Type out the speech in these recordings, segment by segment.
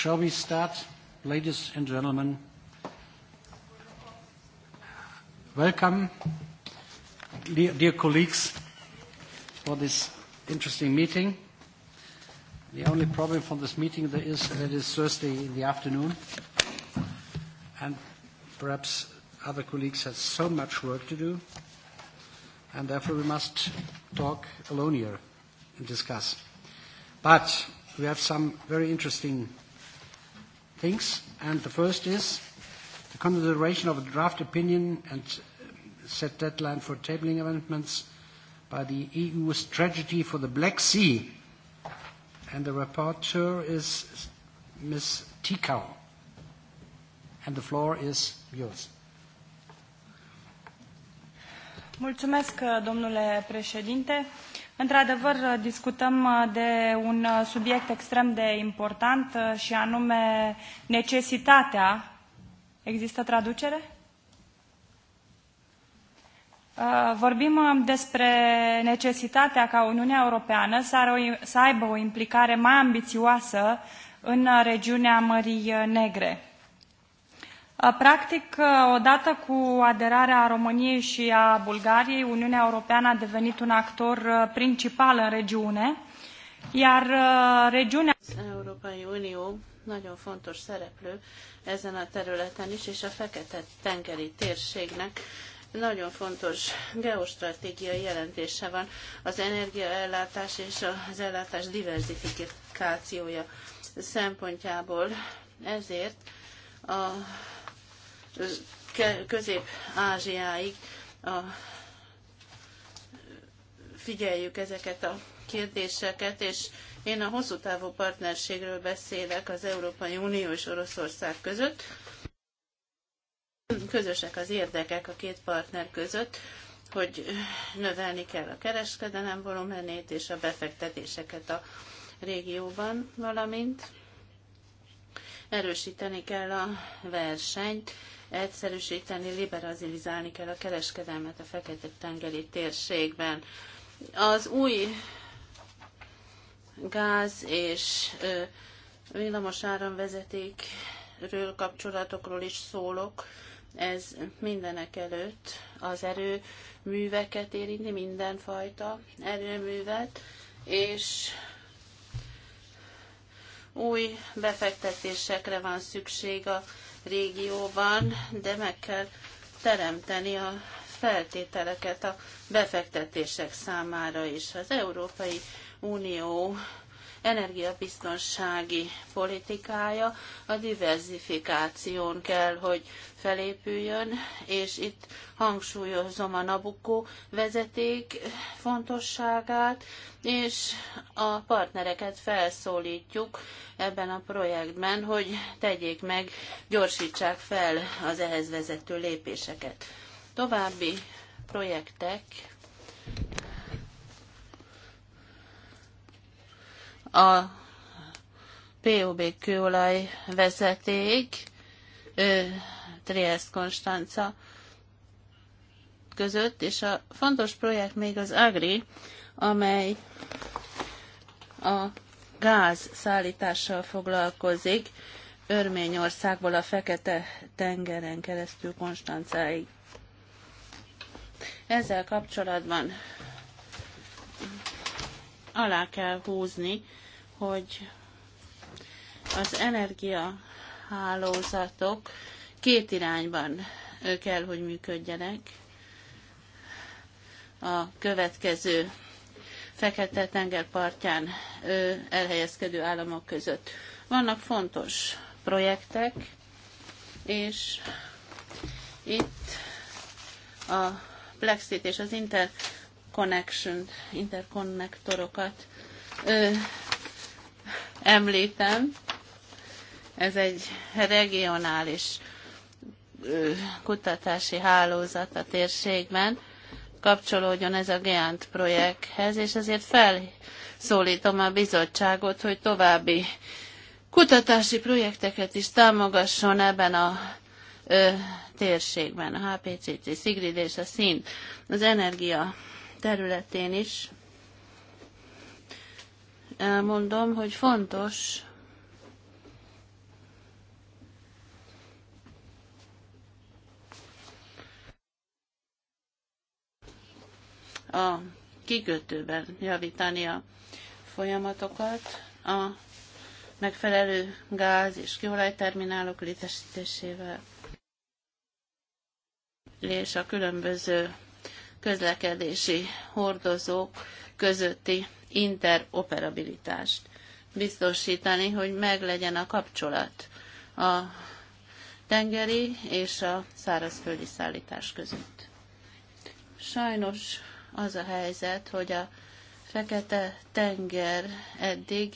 Shall we start, ladies and gentlemen? Welcome, dear colleagues, for this interesting meeting. The only problem for this meeting there is that it is Thursday in the afternoon, and perhaps other colleagues have so much work to do, and therefore we must talk alone here and discuss. But we have some very interesting things, and the first is the consideration of a draft opinion and um, set deadline for tabling amendments by the EU strategy for the Black Sea. And the rapporteur is Ms. Tikau. And the floor is yours. Mulțumesc, domnule președinte. Într-adevăr, discutăm uh, de un uh, subiect extrem de important uh, și anume necesitatea. Există traducere? Vorbim despre necesitatea ca Uniunea Europeană să aibă o implicare mai ambițioasă în regiunea Mării Negre. Practic, odată cu aderarea României și a Bulgariei, Uniunea Europeană a devenit un actor uh, principal în regiune, iar uh, regiunea... Európai Unió nagyon fontos szereplő ezen a területen is, és a Fekete-tengeri térségnek nagyon fontos geostratégiai jelentése van az energiaellátás és az ellátás diversifikációja szempontjából. Ezért a Közép-Ázsiáig a, figyeljük ezeket a kérdéseket, és én a hosszú távú partnerségről beszélek az Európai Unió és Oroszország között. Közösek az érdekek a két partner között, hogy növelni kell a kereskedelem volumenét és a befektetéseket a régióban, valamint erősíteni kell a versenyt, egyszerűsíteni, liberalizálni kell a kereskedelmet a Fekete-tengeri térségben. Az új gáz és villamos áramvezetékről kapcsolatokról is szólok. Ez mindenek előtt az erőműveket érinti, mindenfajta erőművet, és új befektetésekre van szükség a régióban, de meg kell teremteni a feltételeket a befektetések számára is. Az Európai Unió energiabiztonsági politikája a diversifikáción kell, hogy felépüljön, és itt hangsúlyozom a Nabukó vezeték fontosságát, és a partnereket felszólítjuk ebben a projektben, hogy tegyék meg, gyorsítsák fel az ehhez vezető lépéseket. További projektek a POB kőolaj vezeték Triest-Konstanca között, és a fontos projekt még az Agri, amely a gáz szállítással foglalkozik Örményországból a Fekete tengeren keresztül Konstancáig. Ezzel kapcsolatban alá kell húzni hogy az energiahálózatok két irányban kell, hogy működjenek. A következő fekete tenger partján elhelyezkedő államok között. Vannak fontos projektek, és itt a Plexit és az interconnection, interkonnektorokat említem. Ez egy regionális kutatási hálózat a térségben, kapcsolódjon ez a GEANT projekthez, és ezért felszólítom a bizottságot, hogy további kutatási projekteket is támogasson ebben a ö, térségben, a HPCC, Szigrid és a SZIN, az energia területén is elmondom, hogy fontos a kikötőben javítani a folyamatokat, a megfelelő gáz és kőolajterminálok létesítésével, és a különböző közlekedési hordozók közötti interoperabilitást biztosítani, hogy meglegyen a kapcsolat a tengeri és a szárazföldi szállítás között. Sajnos az a helyzet, hogy a Fekete tenger eddig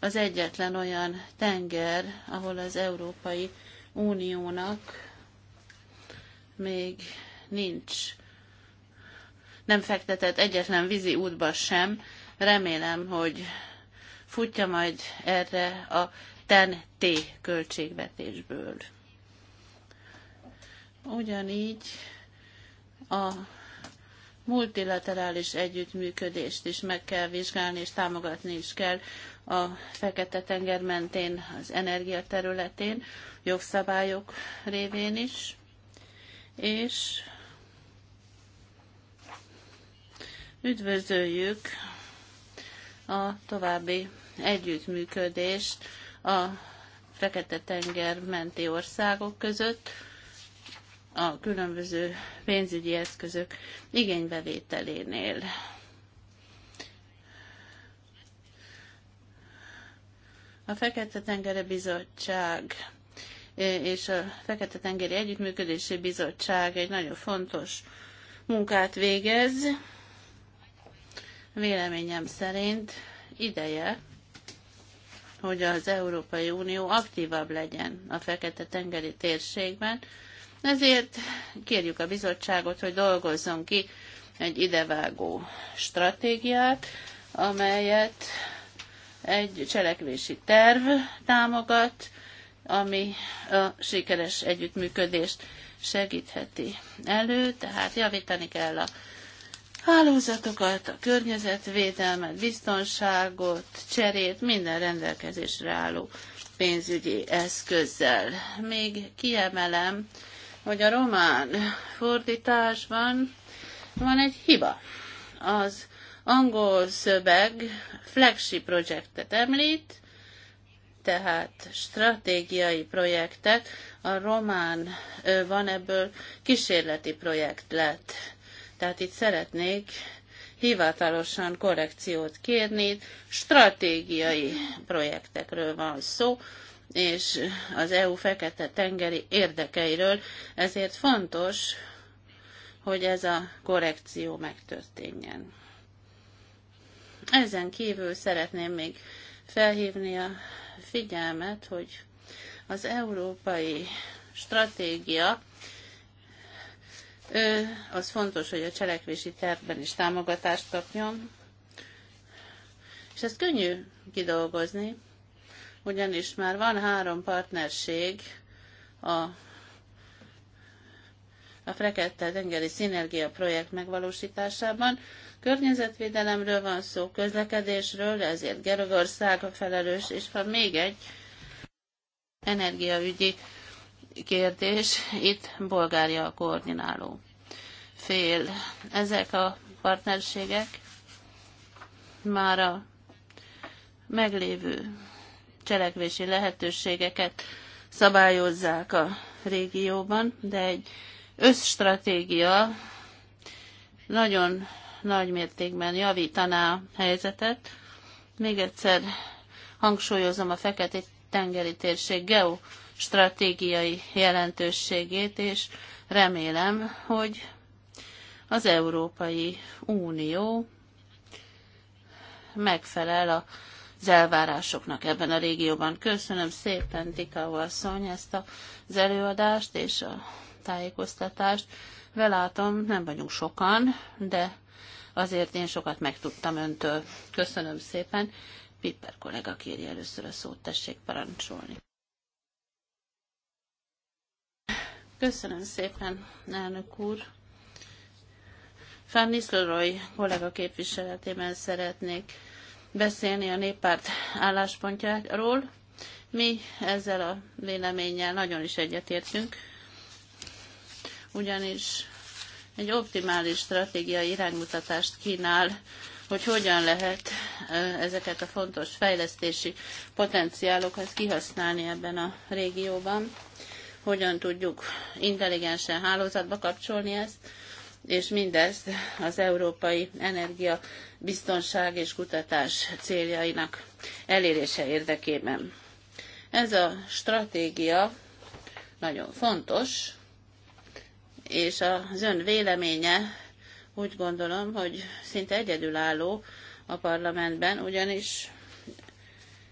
az egyetlen olyan tenger, ahol az Európai Uniónak még nincs, nem fektetett egyetlen vízi útba sem Remélem, hogy futja majd erre a TEN-T költségvetésből. Ugyanígy a multilaterális együttműködést is meg kell vizsgálni, és támogatni is kell a Fekete-tenger mentén, az energia területén, jogszabályok révén is, és üdvözöljük a további együttműködést a Fekete-tenger menti országok között a különböző pénzügyi eszközök igénybevételénél. A Fekete-tengere Bizottság és a Fekete-tengeri Együttműködési Bizottság egy nagyon fontos munkát végez Véleményem szerint ideje, hogy az Európai Unió aktívabb legyen a Fekete-tengeri térségben, ezért kérjük a bizottságot, hogy dolgozzon ki egy idevágó stratégiát, amelyet egy cselekvési terv támogat, ami a sikeres együttműködést segítheti elő, tehát javítani kell a hálózatokat, a környezetvédelmet, biztonságot, cserét, minden rendelkezésre álló pénzügyi eszközzel. Még kiemelem, hogy a román fordításban van egy hiba. Az angol szöveg flagship projektet említ, tehát stratégiai projektet, a román van ebből kísérleti projekt lett. Tehát itt szeretnék hivatalosan korrekciót kérni, stratégiai projektekről van szó, és az EU fekete tengeri érdekeiről, ezért fontos, hogy ez a korrekció megtörténjen. Ezen kívül szeretném még felhívni a figyelmet, hogy az európai stratégia az fontos, hogy a cselekvési tervben is támogatást kapjon, és ezt könnyű kidolgozni, ugyanis már van három partnerség a, a Frekette tengeri Szinergia projekt megvalósításában. Környezetvédelemről van szó, közlekedésről, ezért Gerogország a felelős, és van még egy energiaügyi kérdés, itt Bolgária a koordináló fél. Ezek a partnerségek már a meglévő cselekvési lehetőségeket szabályozzák a régióban, de egy összstratégia nagyon nagy mértékben javítaná a helyzetet. Még egyszer hangsúlyozom a fekete tengeri térség geostratégiai jelentőségét, és remélem, hogy az Európai Unió megfelel a az elvárásoknak ebben a régióban. Köszönöm szépen, Dika asszony, ezt az előadást és a tájékoztatást. Velátom, nem vagyunk sokan, de azért én sokat megtudtam öntől. Köszönöm szépen. Piper kollega kéri először a szót, tessék parancsolni. Köszönöm szépen, elnök úr. Fán Nisztelrooy kollega képviseletében szeretnék beszélni a néppárt álláspontjáról. Mi ezzel a véleménnyel nagyon is egyetértünk, ugyanis egy optimális stratégiai iránymutatást kínál, hogy hogyan lehet ezeket a fontos fejlesztési potenciálokat kihasználni ebben a régióban, hogyan tudjuk intelligensen hálózatba kapcsolni ezt, és mindezt az európai energia biztonság és kutatás céljainak elérése érdekében. Ez a stratégia nagyon fontos, és az ön véleménye úgy gondolom, hogy szinte egyedülálló a parlamentben, ugyanis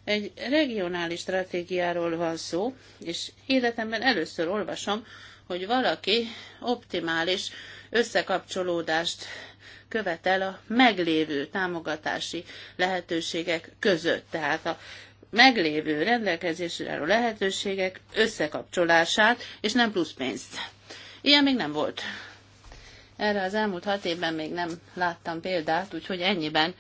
egy regionális stratégiáról van szó, és életemben először olvasom, hogy valaki optimális összekapcsolódást követel a meglévő támogatási lehetőségek között. Tehát a meglévő rendelkezésre álló lehetőségek összekapcsolását, és nem plusz pénzt. Ilyen még nem volt. Erre az elmúlt hat évben még nem láttam példát, úgyhogy ennyiben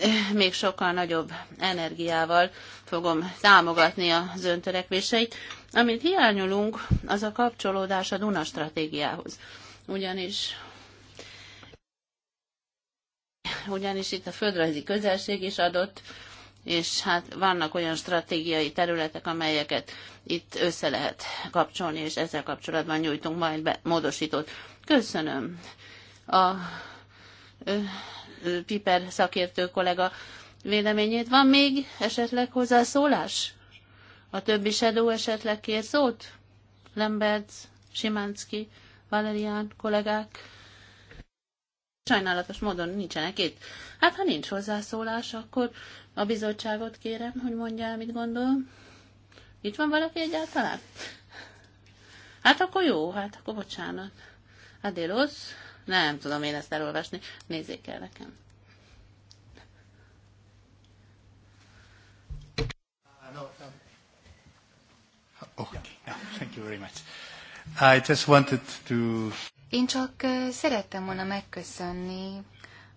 eh, még sokkal nagyobb energiával fogom támogatni az öntörekvéseit. Amit hiányolunk, az a kapcsolódás a Duna stratégiához ugyanis ugyanis itt a földrajzi közelség is adott, és hát vannak olyan stratégiai területek, amelyeket itt össze lehet kapcsolni, és ezzel kapcsolatban nyújtunk majd be módosítót. Köszönöm a ö, ö, Piper szakértő kollega véleményét. Van még esetleg hozzászólás? A többi sedó esetleg kér szót? Lemberts, Simánszki? Valerian, kollégák sajnálatos módon nincsenek itt. Hát, ha nincs hozzászólás, akkor a bizottságot kérem, hogy mondja el, mit gondol. Itt van valaki egyáltalán? Hát akkor jó, hát akkor bocsánat. Adélosz? Nem tudom én ezt elolvasni. Nézzék el nekem. Oh, yeah, thank you very much. I just wanted to... Én csak szerettem volna megköszönni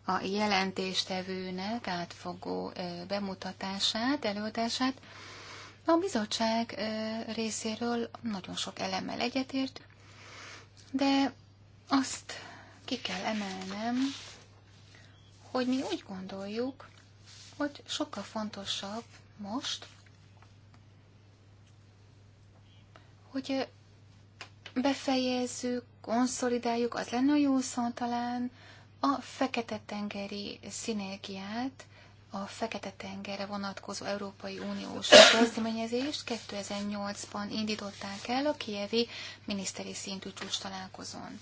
a jelentéstevőnek átfogó bemutatását, előadását. A bizottság részéről nagyon sok elemmel egyetért, de azt ki kell emelnem, hogy mi úgy gondoljuk, hogy sokkal fontosabb most, hogy befejezzük, konszolidáljuk, az lenne a jó szó talán, a Fekete-tengeri szinergiát, a Fekete-tengerre vonatkozó Európai Uniós kezdeményezést 2008-ban indították el a kievi miniszteri szintű csúcs találkozón.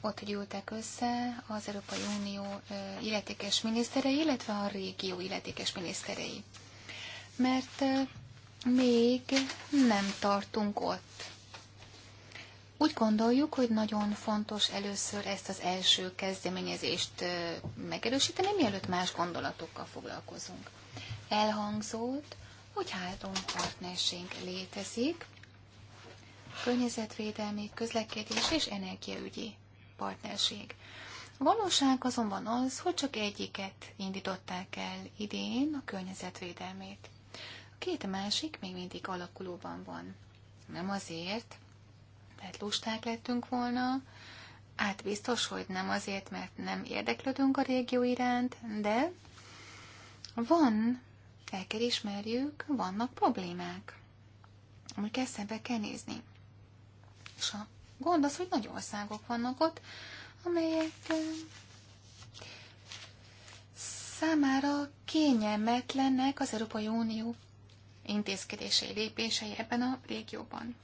Ott gyűltek össze az Európai Unió illetékes miniszterei, illetve a régió illetékes miniszterei. Mert még nem tartunk ott úgy gondoljuk, hogy nagyon fontos először ezt az első kezdeményezést megerősíteni, mielőtt más gondolatokkal foglalkozunk. Elhangzott, hogy három partnerség létezik, környezetvédelmi, közlekedés és energiaügyi partnerség. A valóság azonban az, hogy csak egyiket indították el idén, a környezetvédelmét. A két másik még mindig alakulóban van. Nem azért, lehet lusták lettünk volna. Hát biztos, hogy nem azért, mert nem érdeklődünk a régió iránt, de van, el kell ismerjük, vannak problémák, amik eszembe kell nézni. És a gond az, hogy nagy országok vannak ott, amelyek számára kényelmetlenek az Európai Unió intézkedései, lépései ebben a régióban.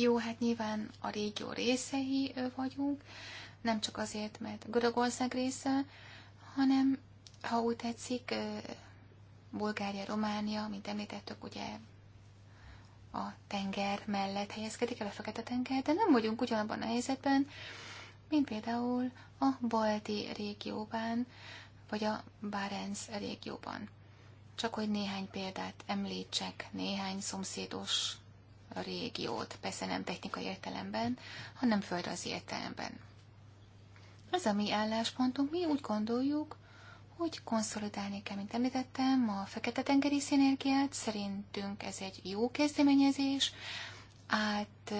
Jó, hát nyilván a régió részei vagyunk, nem csak azért, mert Görögország része, hanem, ha úgy tetszik, Bulgária, Románia, mint említettük, ugye a tenger mellett helyezkedik el a Fekete-tenger, de nem vagyunk ugyanabban a helyzetben, mint például a balti régióban, vagy a Barents régióban. Csak hogy néhány példát említsek, néhány szomszédos a régiót, persze nem technikai értelemben, hanem földrajzi értelemben. Ez a mi álláspontunk, mi úgy gondoljuk, hogy konszolidálni kell, mint említettem, a Fekete-tengeri szinergiát, szerintünk ez egy jó kezdeményezés, át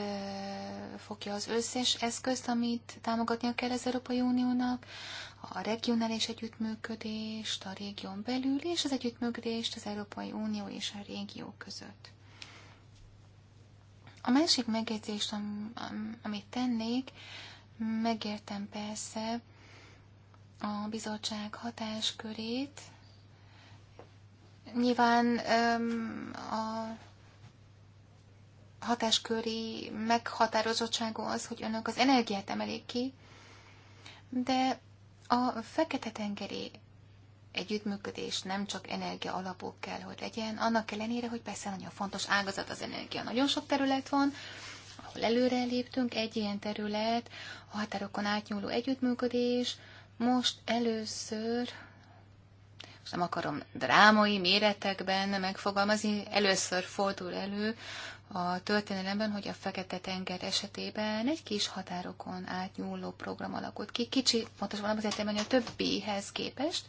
fogja az összes eszközt, amit támogatnia kell az Európai Uniónak, a regionális együttműködést a régión belül, és az együttműködést az Európai Unió és a régió között. A másik megjegyzést, am, am, amit tennék, megértem persze a bizottság hatáskörét. Nyilván öm, a hatásköri meghatározottsága az, hogy önök az energiát emelik ki, de a Fekete-tengeri együttműködés nem csak energia alapú kell, hogy legyen, annak ellenére, hogy persze nagyon fontos ágazat az energia. Nagyon sok terület van, ahol előre léptünk, egy ilyen terület, a határokon átnyúló együttműködés, most először, most nem akarom drámai méretekben megfogalmazni, először fordul elő a történelemben, hogy a Fekete-tenger esetében egy kis határokon átnyúló program alakult ki, kicsi, pontosabban az hogy a többihez képest,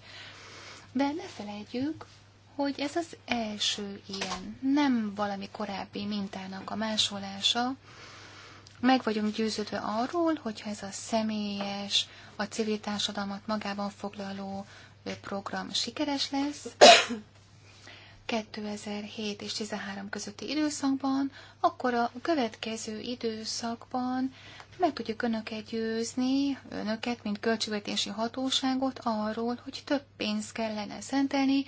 de ne felejtjük, hogy ez az első ilyen, nem valami korábbi mintának a másolása. Meg vagyunk győződve arról, hogyha ez a személyes, a civil társadalmat magában foglaló program sikeres lesz, 2007 és 13 közötti időszakban, akkor a következő időszakban meg tudjuk önöket győzni, önöket, mint költségvetési hatóságot arról, hogy több pénzt kellene szentelni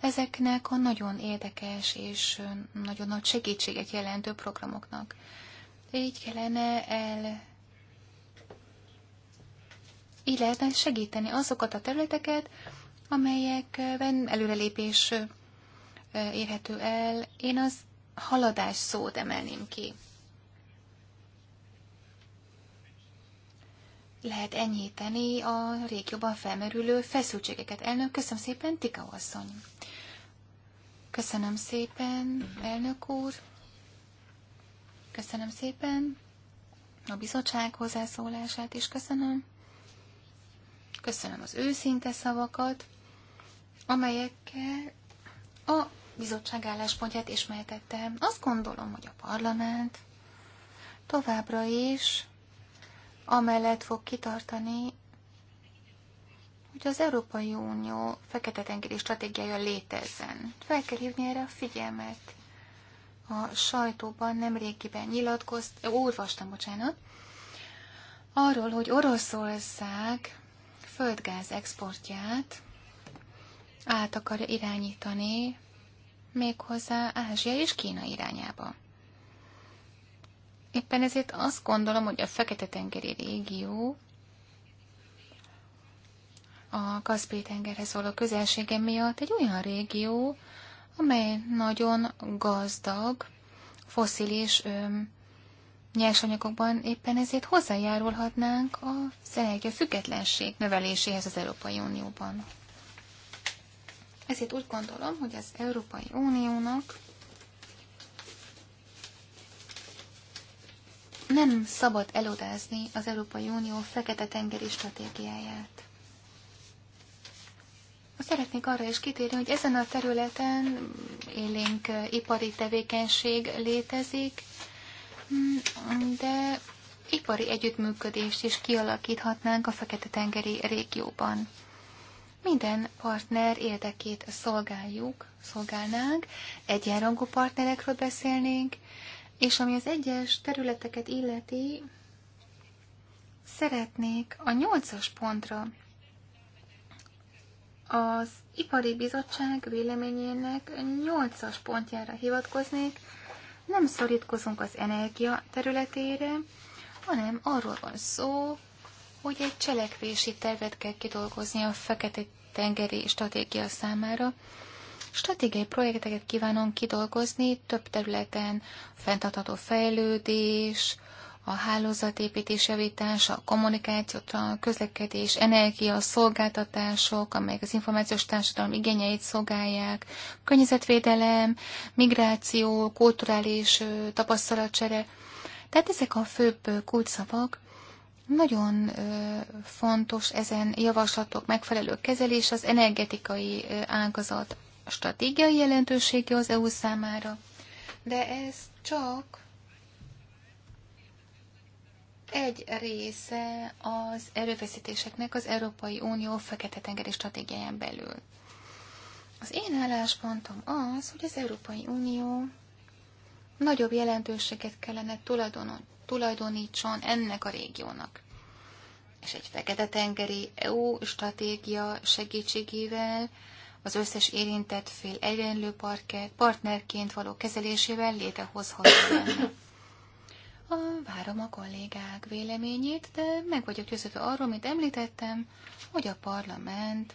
ezeknek a nagyon érdekes és nagyon nagy segítséget jelentő programoknak. Így kellene el így lehetne segíteni azokat a területeket, amelyekben előrelépés érhető el. Én az haladás szót emelném ki. lehet enyhíteni a jobban felmerülő feszültségeket. Elnök, köszönöm szépen, Tika asszony. Köszönöm szépen, elnök úr. Köszönöm szépen a bizottság hozzászólását is köszönöm. Köszönöm az őszinte szavakat, amelyekkel a bizottság álláspontját ismertettem. Azt gondolom, hogy a parlament továbbra is amellett fog kitartani, hogy az Európai Unió fekete-tengeri stratégiája létezzen. Fel kell hívni erre a figyelmet. A sajtóban nemrégiben nyilatkozt, olvastam, bocsánat, arról, hogy Oroszország földgáz exportját át akarja irányítani méghozzá Ázsia és Kína irányába. Éppen ezért azt gondolom, hogy a Fekete-tengeri régió a Kaszpi-tengerhez való közelsége miatt egy olyan régió, amely nagyon gazdag, foszilis nyersanyagokban éppen ezért hozzájárulhatnánk a energia függetlenség növeléséhez az Európai Unióban. Ezért úgy gondolom, hogy az Európai Uniónak nem szabad elodázni az Európai Unió fekete-tengeri stratégiáját. Szeretnék arra is kitérni, hogy ezen a területen élénk eh, ipari tevékenység létezik, mm, de ipari együttműködést is kialakíthatnánk a Fekete-tengeri régióban. Minden partner érdekét szolgáljuk, szolgálnánk, egyenrangú partnerekről beszélnénk, és ami az egyes területeket illeti, szeretnék a nyolcas pontra az Ipari Bizottság véleményének nyolcas pontjára hivatkoznék. Nem szorítkozunk az energia területére, hanem arról van szó, hogy egy cselekvési tervet kell kidolgozni a fekete tengeri stratégia számára, Stratégiai projekteket kívánom kidolgozni több területen, fenntartható fejlődés, a hálózatépítés javítása, a kommunikáció, a közlekedés, energia, a szolgáltatások, amelyek az információs társadalom igényeit szolgálják, környezetvédelem, migráció, kulturális tapasztalatcsere. Tehát ezek a főbb kulcsszavak. Nagyon fontos ezen javaslatok megfelelő kezelés az energetikai ágazat a stratégiai jelentősége az EU számára, de ez csak egy része az erőfeszítéseknek az Európai Unió Fekete-tengeri stratégiáján belül. Az én álláspontom az, hogy az Európai Unió nagyobb jelentőséget kellene tulajdonítson ennek a régiónak. És egy fekete-tengeri EU stratégia segítségével az összes érintett fél egyenlő partnerként való kezelésével létrehozható lenne. A, várom a kollégák véleményét, de meg vagyok győződve arról, mint említettem, hogy a parlament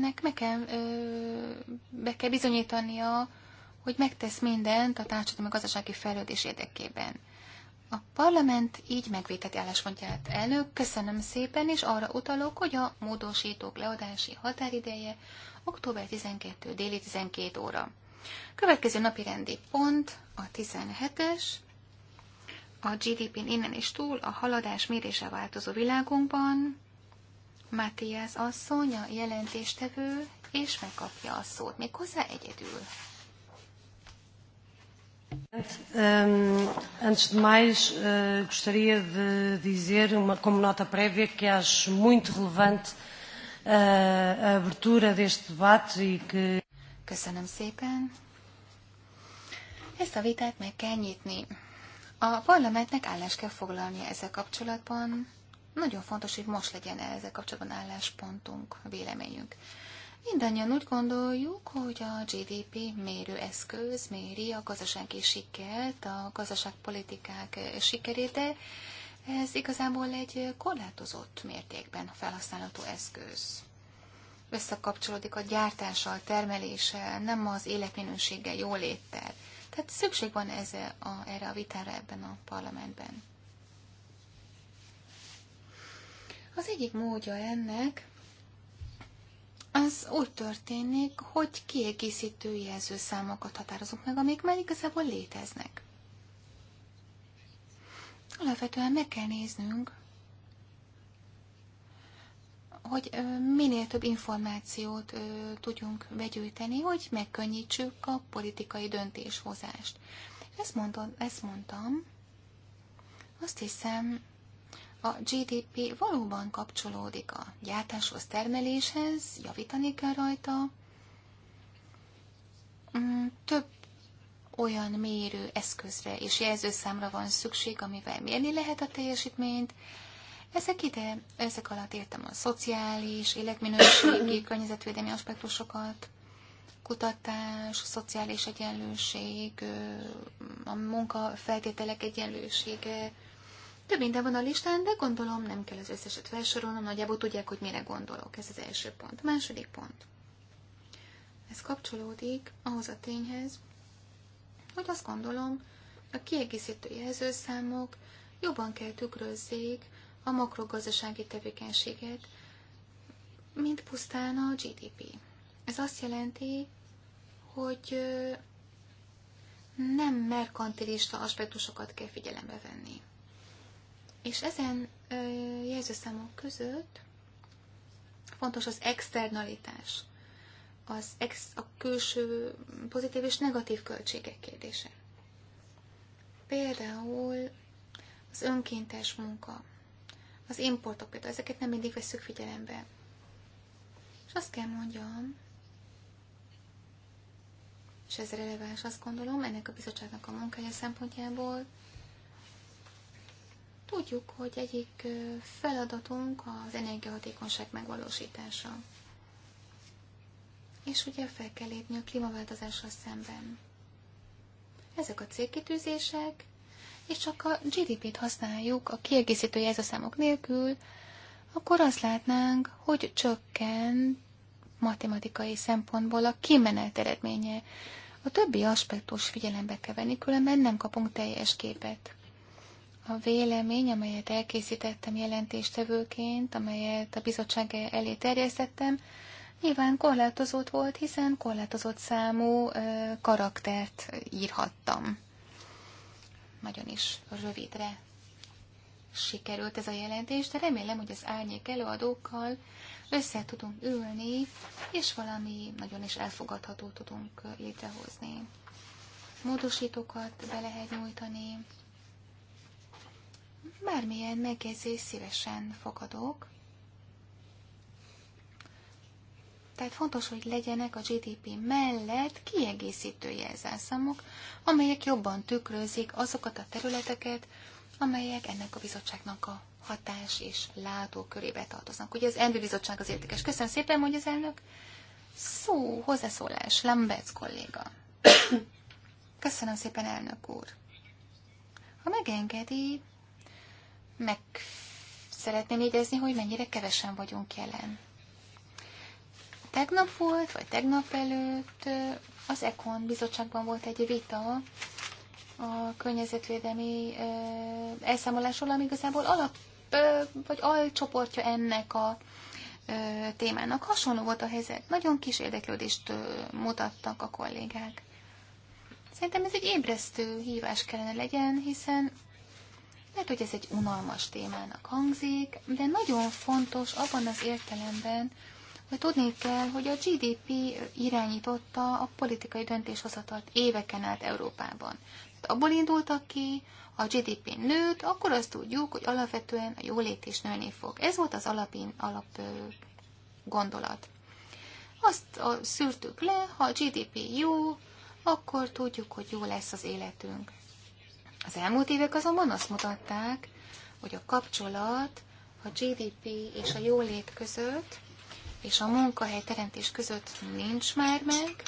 nek meg kell, ö, be kell bizonyítania, hogy megtesz mindent a társadalmi gazdasági fejlődés érdekében. A parlament így megvétett álláspontját elnök, köszönöm szépen, és arra utalok, hogy a módosítók leadási határideje október 12 déli 12 óra. Következő napi rendi pont a 17-es, a GDP-n innen is túl a haladás mérése változó világunkban. Matthias asszony a jelentéstevő, és megkapja a szót méghozzá egyedül. Ehm, antes de mais, eh, gostaria de dizer, uma, como nota prévia, que acho muito relevante eh, a abertura deste debate e que. Köszönöm szépen. Ezt a vitát meg kell nyitni. A parlamentnek állást kell foglalnia ezzel kapcsolatban. Nagyon fontos, hogy most legyen ezzel kapcsolatban álláspontunk, véleményünk. Mindannyian úgy gondoljuk, hogy a GDP mérőeszköz méri a gazdasági sikert, a gazdaságpolitikák sikerét, de ez igazából egy korlátozott mértékben felhasználható eszköz. Összekapcsolódik a gyártással, termeléssel, nem az életminőséggel, jóléttel. Tehát szükség van ez a, erre a vitára ebben a parlamentben. Az egyik módja ennek, az úgy történik, hogy kiegészítő jelzőszámokat határozunk meg, amik már igazából léteznek. Alapvetően meg kell néznünk, hogy minél több információt tudjunk begyűjteni, hogy megkönnyítsük a politikai döntéshozást. Ezt, mondom, ezt mondtam. Azt hiszem, a GDP valóban kapcsolódik a gyártáshoz, termeléshez, javítani kell rajta. Mm, több olyan mérő eszközre és jelzőszámra van szükség, amivel mérni lehet a teljesítményt. Ezek ide, ezek alatt értem a szociális, életminőségi, környezetvédelmi aspektusokat, kutatás, szociális egyenlőség, a munkafeltételek egyenlősége, több minden van a listán, de gondolom nem kell az összeset felsorolnom, nagyjából tudják, hogy mire gondolok. Ez az első pont. Második pont. Ez kapcsolódik ahhoz a tényhez, hogy azt gondolom, a kiegészítő jelzőszámok jobban kell tükrözzék a makrogazdasági tevékenységet, mint pusztán a GDP. Ez azt jelenti, hogy nem merkantilista aspektusokat kell figyelembe venni. És ezen jelzőszámok között fontos az externalitás, az ex, a külső pozitív és negatív költségek kérdése. Például az önkéntes munka, az importok például, ezeket nem mindig veszük figyelembe. És azt kell mondjam, és ez releváns, azt gondolom, ennek a bizottságnak a munkája szempontjából, Tudjuk, hogy egyik feladatunk az energiahatékonyság megvalósítása. És ugye fel kell lépni a klímaváltozással szemben. Ezek a célkitűzések, és csak a GDP-t használjuk a kiegészítő jelzőszámok nélkül, akkor azt látnánk, hogy csökken matematikai szempontból a kimenet eredménye. A többi aspektus figyelembe kell venni, különben nem kapunk teljes képet. A vélemény, amelyet elkészítettem jelentéstevőként, amelyet a bizottság elé terjesztettem, nyilván korlátozott volt, hiszen korlátozott számú ö, karaktert írhattam. Nagyon is rövidre sikerült ez a jelentés, de remélem, hogy az árnyék előadókkal össze tudunk ülni, és valami nagyon is elfogadható tudunk létrehozni. Módosítókat be lehet nyújtani, Bármilyen megjegyzés szívesen fogadok. Tehát fontos, hogy legyenek a GDP mellett kiegészítő jelzálszámok, amelyek jobban tükrözik azokat a területeket, amelyek ennek a bizottságnak a hatás és látókörébe tartoznak. Ugye az ENVI bizottság az értékes. Köszönöm szépen, hogy az elnök. Szó, hozzászólás, Lambert kolléga. Köszönöm szépen, elnök úr. Ha megengedi, meg szeretném jegyezni, hogy mennyire kevesen vagyunk jelen. Tegnap volt, vagy tegnap előtt az ECON bizottságban volt egy vita a környezetvédelmi elszámolásról, ami igazából alap vagy alcsoportja ennek a témának. Hasonló volt a helyzet. Nagyon kis érdeklődést mutattak a kollégák. Szerintem ez egy ébresztő hívás kellene legyen, hiszen lehet, hogy ez egy unalmas témának hangzik, de nagyon fontos abban az értelemben, hogy tudni kell, hogy a GDP irányította a politikai döntéshozatalt éveken át Európában. Tehát abból indultak ki, a GDP nőtt, akkor azt tudjuk, hogy alapvetően a jólét is nőni fog. Ez volt az alapin, alap gondolat. Azt szűrtük le, ha a GDP jó, akkor tudjuk, hogy jó lesz az életünk. Az elmúlt évek azonban azt mutatták, hogy a kapcsolat a GDP és a jólét között és a munkahely teremtés között nincs már meg.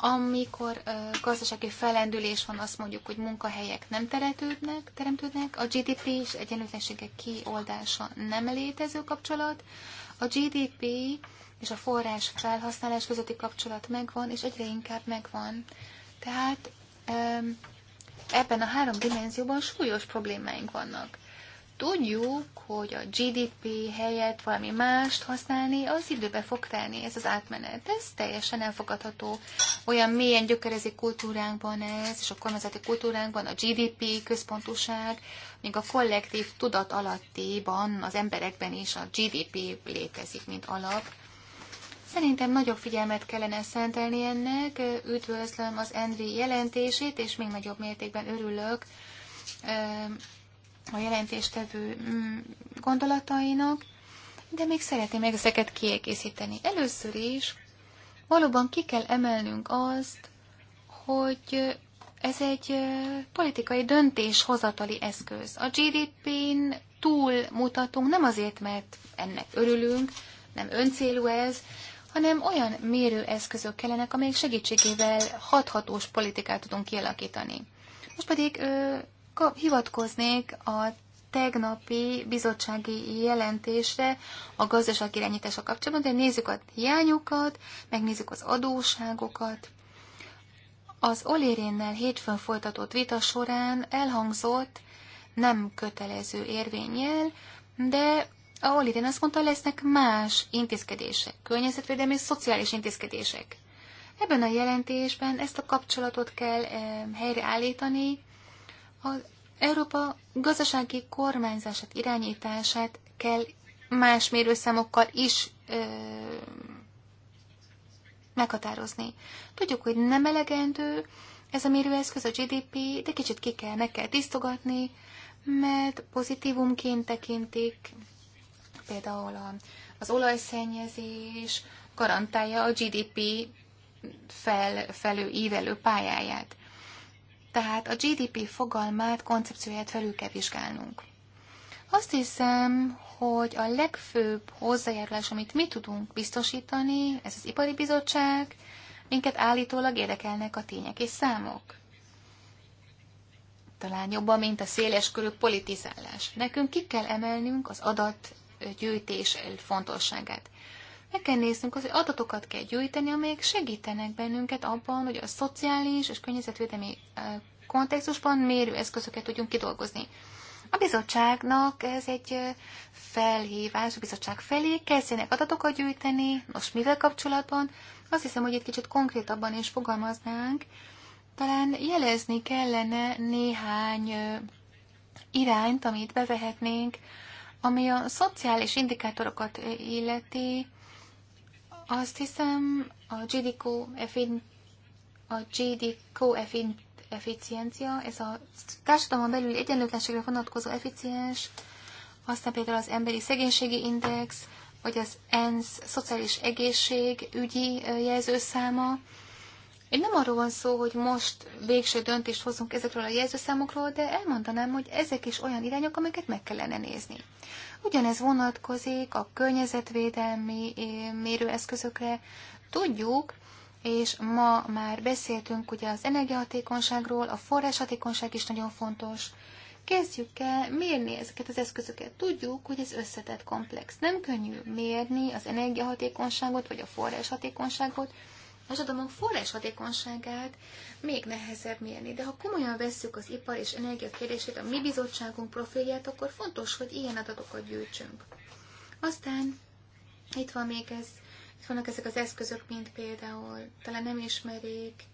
Amikor gazdasági felendülés van, azt mondjuk, hogy munkahelyek nem teremtődnek, teremtődnek a GDP és egyenlőtlenségek kioldása nem létező kapcsolat. A GDP és a forrás felhasználás közötti kapcsolat megvan, és egyre inkább megvan. Tehát ebben a három dimenzióban súlyos problémáink vannak. Tudjuk, hogy a GDP helyett valami mást használni, az időbe fog telni ez az átmenet. Ez teljesen elfogadható. Olyan mélyen gyökerezik kultúránkban ez, és a kormányzati kultúránkban a GDP központúság, még a kollektív tudat alattiban, az emberekben is a GDP létezik, mint alap. Szerintem nagyobb figyelmet kellene szentelni ennek. Üdvözlöm az Endri jelentését, és még nagyobb mértékben örülök a jelentéstevő mm, gondolatainak, de még szeretném meg ezeket kiegészíteni. Először is valóban ki kell emelnünk azt, hogy ez egy politikai döntéshozatali eszköz. A GDP-n túl mutatunk, nem azért, mert ennek örülünk, nem öncélú ez, hanem olyan mérőeszközök kellenek, amelyek segítségével hathatós politikát tudunk kialakítani. Most pedig ö, hivatkoznék a tegnapi bizottsági jelentésre a gazdaság irányítása kapcsolatban, de nézzük a hiányokat, megnézzük az adóságokat. Az Olérénnel hétfőn folytatott vita során elhangzott nem kötelező érvényjel, de ahol idén azt mondta, lesznek más intézkedések, környezetvédelmi és szociális intézkedések. Ebben a jelentésben ezt a kapcsolatot kell eh, helyreállítani, az Európa gazdasági kormányzását, irányítását kell más mérőszámokkal is e, meghatározni. Tudjuk, hogy nem elegendő ez a mérőeszköz a GDP, de kicsit ki kell, meg kell tisztogatni, mert pozitívumként tekintik például az olajszennyezés garantálja a GDP fel, felő ívelő pályáját. Tehát a GDP fogalmát, koncepcióját felül kell vizsgálnunk. Azt hiszem, hogy a legfőbb hozzájárulás, amit mi tudunk biztosítani, ez az ipari bizottság, minket állítólag érdekelnek a tények és számok. Talán jobban, mint a széles körű politizálás. Nekünk ki kell emelnünk az adat gyűjtés fontosságát. Meg kell néznünk az, hogy adatokat kell gyűjteni, amelyek segítenek bennünket abban, hogy a szociális és környezetvédelmi kontextusban mérő eszközöket tudjunk kidolgozni. A bizottságnak ez egy felhívás, a bizottság felé kezdjenek adatokat gyűjteni, most mivel kapcsolatban, azt hiszem, hogy egy kicsit konkrétabban is fogalmaznánk, talán jelezni kellene néhány irányt, amit bevehetnénk ami a szociális indikátorokat illeti, azt hiszem a GDQ, a efficiencia, ez a társadalmon belüli egyenlőtlenségre vonatkozó efficiens, aztán például az emberi szegénységi index, vagy az ENSZ szociális egészség ügyi jelzőszáma, én nem arról van szó, hogy most végső döntést hozunk ezekről a jelzőszámokról, de elmondanám, hogy ezek is olyan irányok, amiket meg kellene nézni. Ugyanez vonatkozik a környezetvédelmi eh, mérőeszközökre. Tudjuk, és ma már beszéltünk ugye az energiahatékonyságról, a forráshatékonyság is nagyon fontos. Kezdjük el mérni ezeket az eszközöket. Tudjuk, hogy ez összetett komplex. Nem könnyű mérni az energiahatékonyságot vagy a forráshatékonyságot, az a forrás hatékonyságát még nehezebb mérni. De ha komolyan vesszük az ipar és energia kérdését, a mi bizottságunk profilját, akkor fontos, hogy ilyen adatokat gyűjtsünk. Aztán itt van még ez, itt vannak ezek az eszközök, mint például, talán nem ismerik,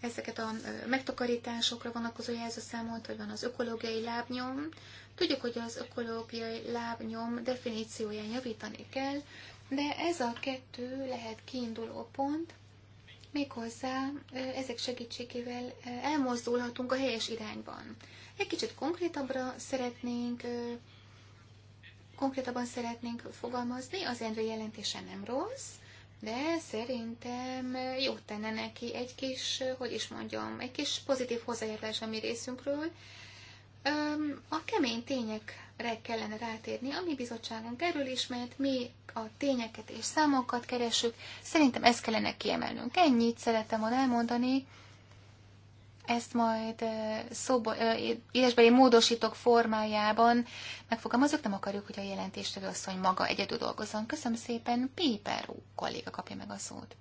ezeket a megtakarításokra vonatkozó jelzőszámot, hogy van az ökológiai lábnyom. Tudjuk, hogy az ökológiai lábnyom definícióján javítani kell, de ez a kettő lehet kiinduló pont, Méghozzá ezek segítségével elmozdulhatunk a helyes irányban. Egy kicsit konkrétabbra szeretnénk, konkrétabban szeretnénk fogalmazni, az Endre jelentése nem rossz, de szerintem jó tenne neki egy kis, hogy is mondjam, egy kis pozitív hozzájárulás a mi részünkről. A kemény tények re kellene rátérni. A mi bizottságunk erről is, mert mi a tényeket és számokat keresünk. Szerintem ezt kellene kiemelnünk. Ennyit szerettem volna elmondani. Ezt majd szóba, írásbeli módosítók formájában megfogalmazok. Nem akarjuk, hogy a jelentéstevő asszony maga egyedül dolgozzon. Köszönöm szépen, Péper kolléga kapja meg a szót.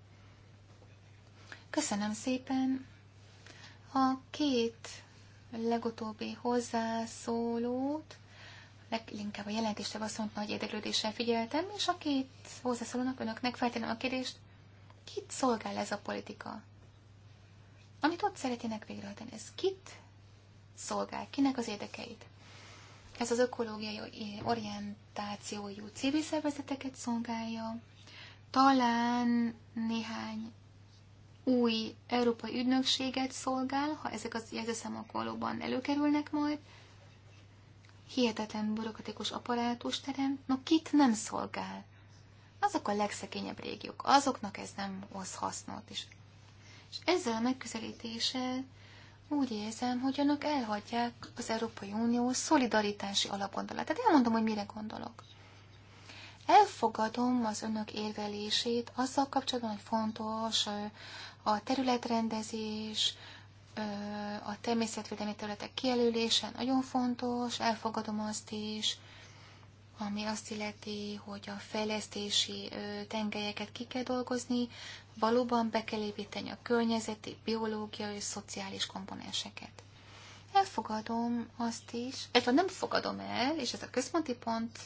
Köszönöm szépen. A két legutóbbi hozzászólót leginkább a jelentésre mondta nagy érdeklődéssel figyeltem, és a két hozzászólónak önöknek feltenem a kérdést, kit szolgál ez a politika? Amit ott szeretnének végrehajtani, ez kit szolgál, kinek az érdekeit? Ez az ökológiai orientációjú civil szervezeteket szolgálja, talán néhány új európai ügynökséget szolgál, ha ezek az jegyzőszámok valóban előkerülnek majd, hihetetlen burokratikus aparátus terem, no kit nem szolgál. Azok a legszekényebb régiók, azoknak ez nem hoz hasznot is. És ezzel a megközelítéssel úgy érzem, hogy önök elhagyják az Európai Unió szolidaritási alapgondolatát. Elmondom, hogy mire gondolok. Elfogadom az önök érvelését azzal kapcsolatban, hogy fontos a területrendezés, a természetvédelmi területek kijelölése nagyon fontos, elfogadom azt is, ami azt illeti, hogy a fejlesztési tengelyeket ki kell dolgozni, valóban be kell építeni a környezeti, biológiai és szociális komponenseket. Elfogadom azt is, illetve nem fogadom el, és ez a központi pont,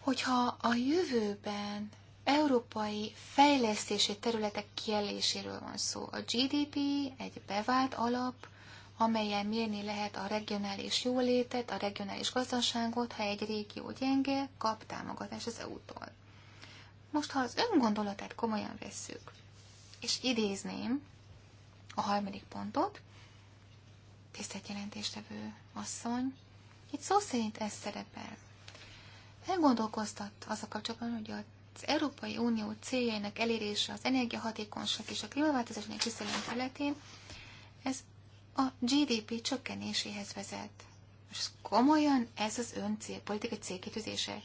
hogyha a jövőben európai fejlesztési területek kieléséről van szó. A GDP egy bevált alap, amelyen mérni lehet a regionális jólétet, a regionális gazdaságot, ha egy régió gyenge, kap támogatást az EU-tól. Most, ha az öngondolatát komolyan vesszük, és idézném a harmadik pontot, tisztelt jelentéstevő asszony, itt szó szerint ez szerepel. Elgondolkoztat az a kapcsolatban, hogy a az Európai Unió céljainak elérése az energiahatékonyság és a klímaváltozásnak küzdelem területén, ez a GDP csökkenéséhez vezet. És komolyan ez az ön cél, politikai célkitűzése.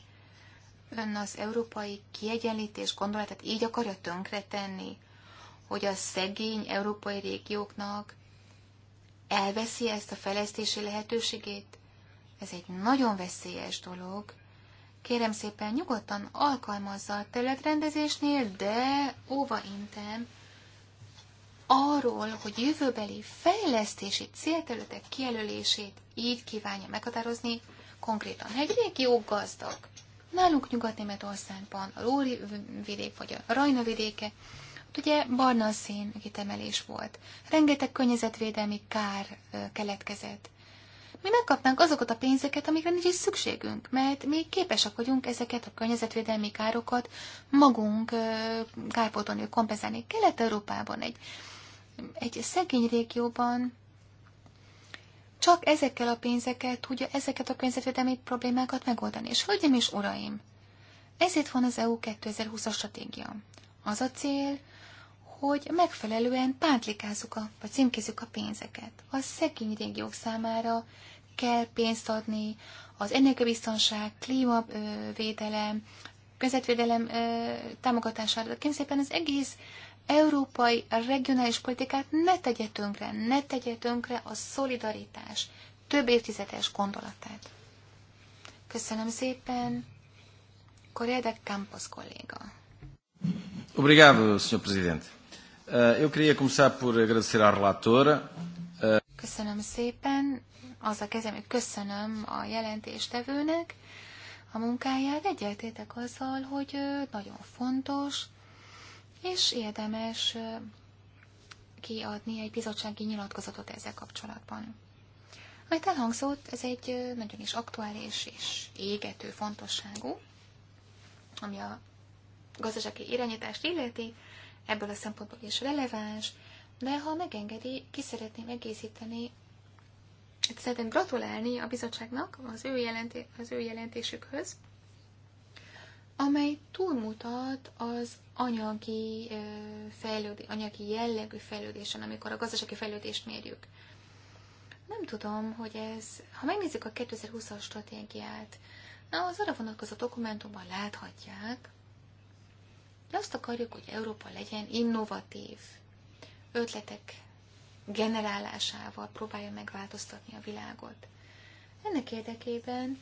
Ön az európai kiegyenlítés gondolatát így akarja tönkretenni, hogy a szegény európai régióknak elveszi ezt a fejlesztési lehetőségét? Ez egy nagyon veszélyes dolog. Kérem szépen nyugodtan alkalmazza a területrendezésnél, de óva intem, arról, hogy jövőbeli fejlesztési célterületek kijelölését így kívánja meghatározni, konkrétan egy régió gazdag. Nálunk Nyugat-Németországban a Lóri vidék vagy a Rajna vidéke, ugye barna szén kitemelés volt. Rengeteg környezetvédelmi kár keletkezett mi megkapnánk azokat a pénzeket, amikre nincs is szükségünk, mert mi képesek vagyunk ezeket a környezetvédelmi károkat magunk kárpótolni, kompenzálni. Kelet-Európában egy, egy szegény régióban csak ezekkel a pénzekkel tudja ezeket a környezetvédelmi problémákat megoldani. És hölgyeim és uraim, ezért van az EU 2020-as stratégia. Az a cél, hogy megfelelően pántlikázzuk a, vagy címkézzük a pénzeket. A szegény régiók számára kell pénzt adni, az energiabiztonság, klímavédelem, közvetvédelem támogatására. De szépen az egész európai regionális politikát ne tegye tönkre, ne tegye tönkre a szolidaritás több évtizedes gondolatát. Köszönöm szépen, Correa Campos kolléga. Obrigado, Sr. Presidente. Eh, eu queria começar por agradecer à relatora Köszönöm szépen. Az a kezem, hogy köszönöm a jelentéstevőnek a munkáját. Egyeltétek azzal, hogy nagyon fontos, és érdemes kiadni egy bizottsági nyilatkozatot ezzel kapcsolatban. Amit elhangzott, ez egy nagyon is aktuális és égető fontosságú, ami a gazdasági irányítást illeti, ebből a szempontból is releváns, de ha megengedi, ki szeretném egészíteni, szeretném gratulálni a bizottságnak az ő, jelenté- az ő jelentésükhöz, amely túlmutat az anyagi, fejlődi, anyagi jellegű fejlődésen, amikor a gazdasági fejlődést mérjük. Nem tudom, hogy ez, ha megnézzük a 2020-as stratégiát, na, az arra vonatkozó dokumentumban láthatják, de azt akarjuk, hogy Európa legyen innovatív, ötletek generálásával próbálja megváltoztatni a világot. Ennek érdekében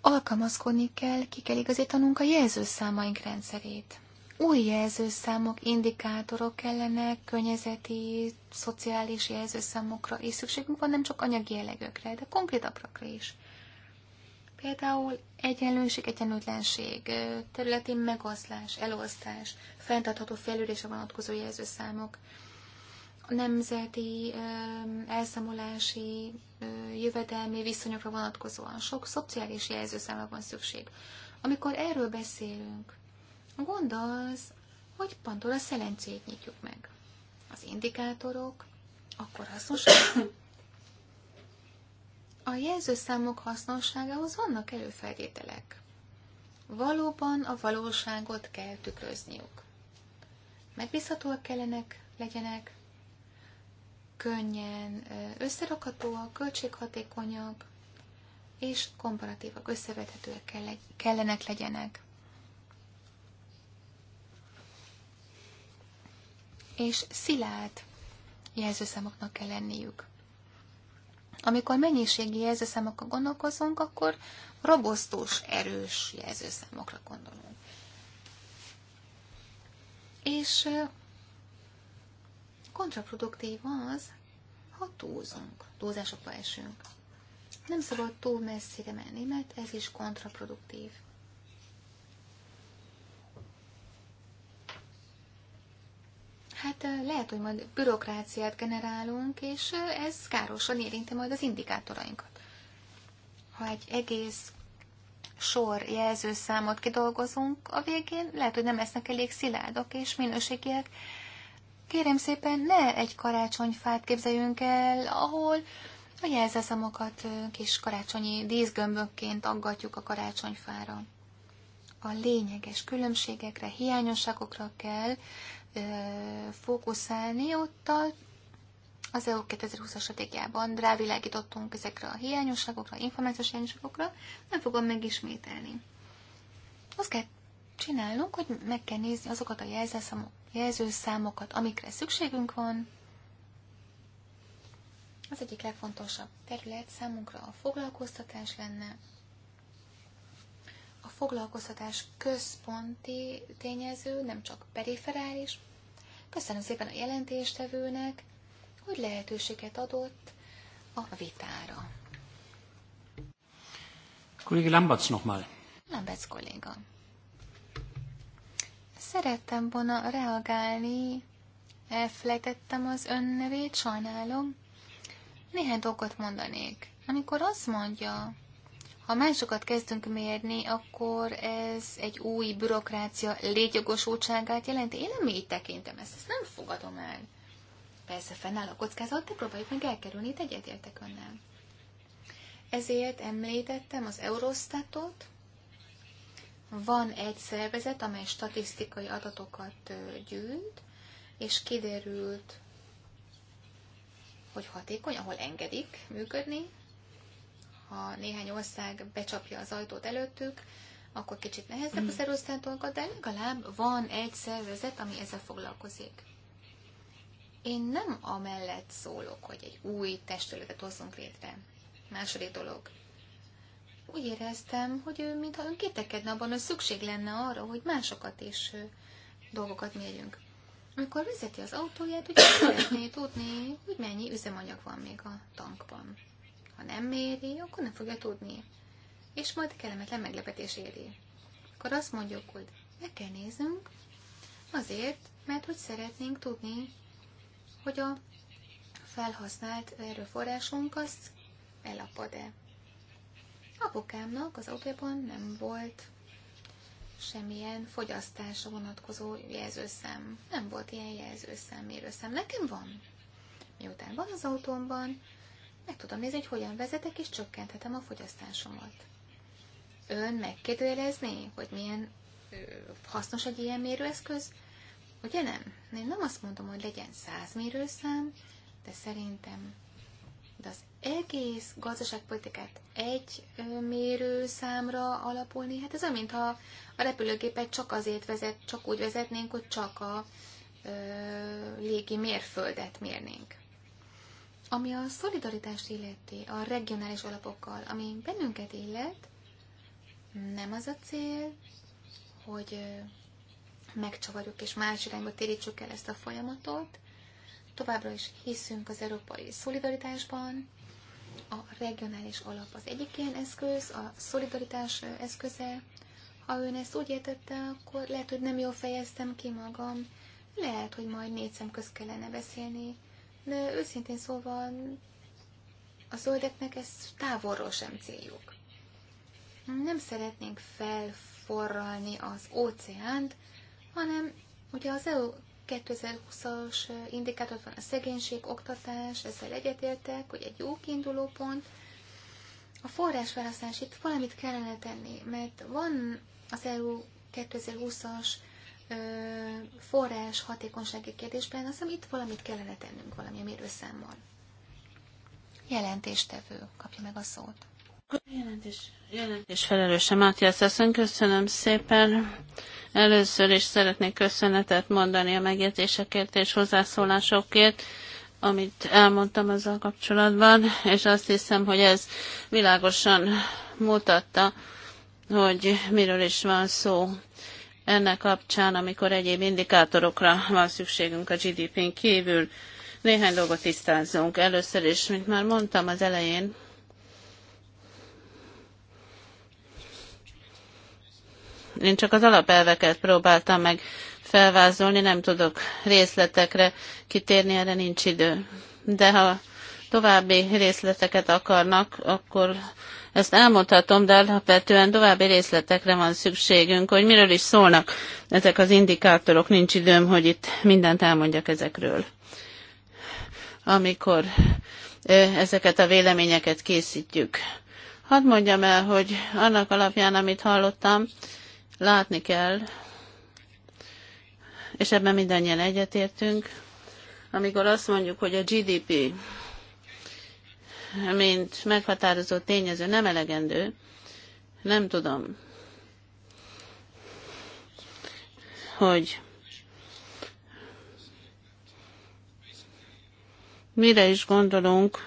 alkalmazkodni kell, ki kell igazítanunk a jelzőszámaink rendszerét. Új jelzőszámok, indikátorok kellenek, környezeti, szociális jelzőszámokra is szükségünk van, nem csak anyagi jellegökre, de konkrétabbakra is. Például egyenlőség, egyenlőtlenség, területi megoszlás, elosztás, fenntartható fejlődése vonatkozó jelzőszámok, a nemzeti elszámolási jövedelmi viszonyokra vonatkozóan sok szociális jelzőszámra van szükség. Amikor erről beszélünk, gond az, hogy pantól a szelencét nyitjuk meg. Az indikátorok akkor hasznosak, a jelzőszámok hasznosságához vannak előfeltételek. Valóban a valóságot kell tükrözniük. Megbízhatóak kellenek, legyenek, könnyen összerakhatóak, költséghatékonyak, és komparatívak, összevethetőek kellenek legyenek. És szilárd jelzőszámoknak kell lenniük. Amikor mennyiségi jelzőszámokra gondolkozunk, akkor robosztus, erős jelzőszámokra gondolunk. És kontraproduktív az, ha túlzunk, túlzásokba esünk. Nem szabad túl messzire menni, mert ez is kontraproduktív. Hát lehet, hogy majd bürokráciát generálunk, és ez károsan érinti majd az indikátorainkat. Ha egy egész sor jelzőszámot kidolgozunk, a végén lehet, hogy nem lesznek elég szilárdok és minőségiek. Kérem szépen, ne egy karácsonyfát képzeljünk el, ahol a jelzőszámokat kis karácsonyi díszgömbökként aggatjuk a karácsonyfára a lényeges különbségekre, hiányosságokra kell ö, fókuszálni. Ott a, az EU 2020-as stratégiában rávilágítottunk ezekre a hiányosságokra, információs hiányosságokra, nem fogom megismételni. Azt kell csinálnunk, hogy meg kell nézni azokat a jelzőszámokat, amikre szükségünk van. Az egyik legfontosabb terület számunkra a foglalkoztatás lenne, a foglalkoztatás központi tényező, nem csak periferális. Köszönöm szépen a jelentéstevőnek, hogy lehetőséget adott a vitára. Kollégi Lambac nochmal. Lambac kolléga. Szerettem volna reagálni, elfelejtettem az ön nevét, sajnálom. Néhány dolgot mondanék. Amikor azt mondja, ha másokat kezdünk mérni, akkor ez egy új bürokrácia légyogosultságát jelenti. Én nem így tekintem ezt, ezt nem fogadom el. Persze fennáll a kockázat, de próbáljuk meg elkerülni, itt egyetértek önnel. Ezért említettem az Eurostatot. Van egy szervezet, amely statisztikai adatokat gyűjt, és kiderült, hogy hatékony, ahol engedik működni, ha néhány ország becsapja az ajtót előttük, akkor kicsit nehezebb az elosztán de legalább van egy szervezet, ami ezzel foglalkozik. Én nem amellett szólok, hogy egy új testületet hozzunk létre. Második dolog. Úgy éreztem, hogy ő mintha ön kétekedne abban, hogy szükség lenne arra, hogy másokat is dolgokat mérjünk. Amikor vezeti az autóját, ugye szeretné tudni, hogy mennyi üzemanyag van még a tankban. Ha nem méri, akkor nem fogja tudni. És majd kellemetlen meglepetés éri. Akkor azt mondjuk, hogy meg kell néznünk, azért, mert hogy szeretnénk tudni, hogy a felhasznált erőforrásunk azt elapad-e. Apukámnak az autóban nem volt semmilyen fogyasztásra vonatkozó jelzőszem. Nem volt ilyen jelzőszem, mérőszem. Nekem van. Miután van az autómban, meg tudom nézni, hogy hogyan vezetek, és csökkenthetem a fogyasztásomat. Ön megkérdőjelezné, hogy milyen ö, hasznos egy ilyen mérőeszköz? Ugye nem? Én nem azt mondom, hogy legyen száz mérőszám, de szerintem de az egész gazdaságpolitikát egy mérőszámra alapulni, hát ez olyan, mintha a repülőgépet csak azért vezet, csak úgy vezetnénk, hogy csak a ö, légi mérföldet mérnénk. Ami a szolidaritást illeti, a regionális alapokkal, ami bennünket illet, nem az a cél, hogy megcsavarjuk és más irányba térítsük el ezt a folyamatot. Továbbra is hiszünk az európai szolidaritásban. A regionális alap az egyik ilyen eszköz, a szolidaritás eszköze. Ha ön ezt úgy értette, akkor lehet, hogy nem jól fejeztem ki magam. Lehet, hogy majd négy szem köz kellene beszélni de őszintén szóval a zöldeknek ez távolról sem céljuk. Nem szeretnénk felforralni az óceánt, hanem ugye az EU 2020-as indikátor van a szegénység, oktatás, ezzel egyetértek, hogy egy jó kiinduló pont. A forrásválasztás itt valamit kellene tenni, mert van az EU 2020-as forrás hatékonysági kérdésben, azt hiszem itt valamit kellene tennünk, valami mérőszámmal. Jelentéstevő kapja meg a szót. Jelentés, jelentés felelőse Mátyás ezt köszönöm szépen. Először is szeretnék köszönetet mondani a megjegyzésekért és hozzászólásokért amit elmondtam ezzel kapcsolatban, és azt hiszem, hogy ez világosan mutatta, hogy miről is van szó ennek kapcsán, amikor egyéb indikátorokra van szükségünk a GDP-n kívül. Néhány dolgot tisztázzunk. Először is, mint már mondtam az elején, én csak az alapelveket próbáltam meg felvázolni, nem tudok részletekre kitérni, erre nincs idő. De ha további részleteket akarnak, akkor ezt elmondhatom, de alapvetően további részletekre van szükségünk, hogy miről is szólnak ezek az indikátorok. Nincs időm, hogy itt mindent elmondjak ezekről. Amikor ezeket a véleményeket készítjük. Hadd mondjam el, hogy annak alapján, amit hallottam, látni kell, és ebben mindannyian egyetértünk, amikor azt mondjuk, hogy a GDP mint meghatározó tényező nem elegendő, nem tudom, hogy mire is gondolunk,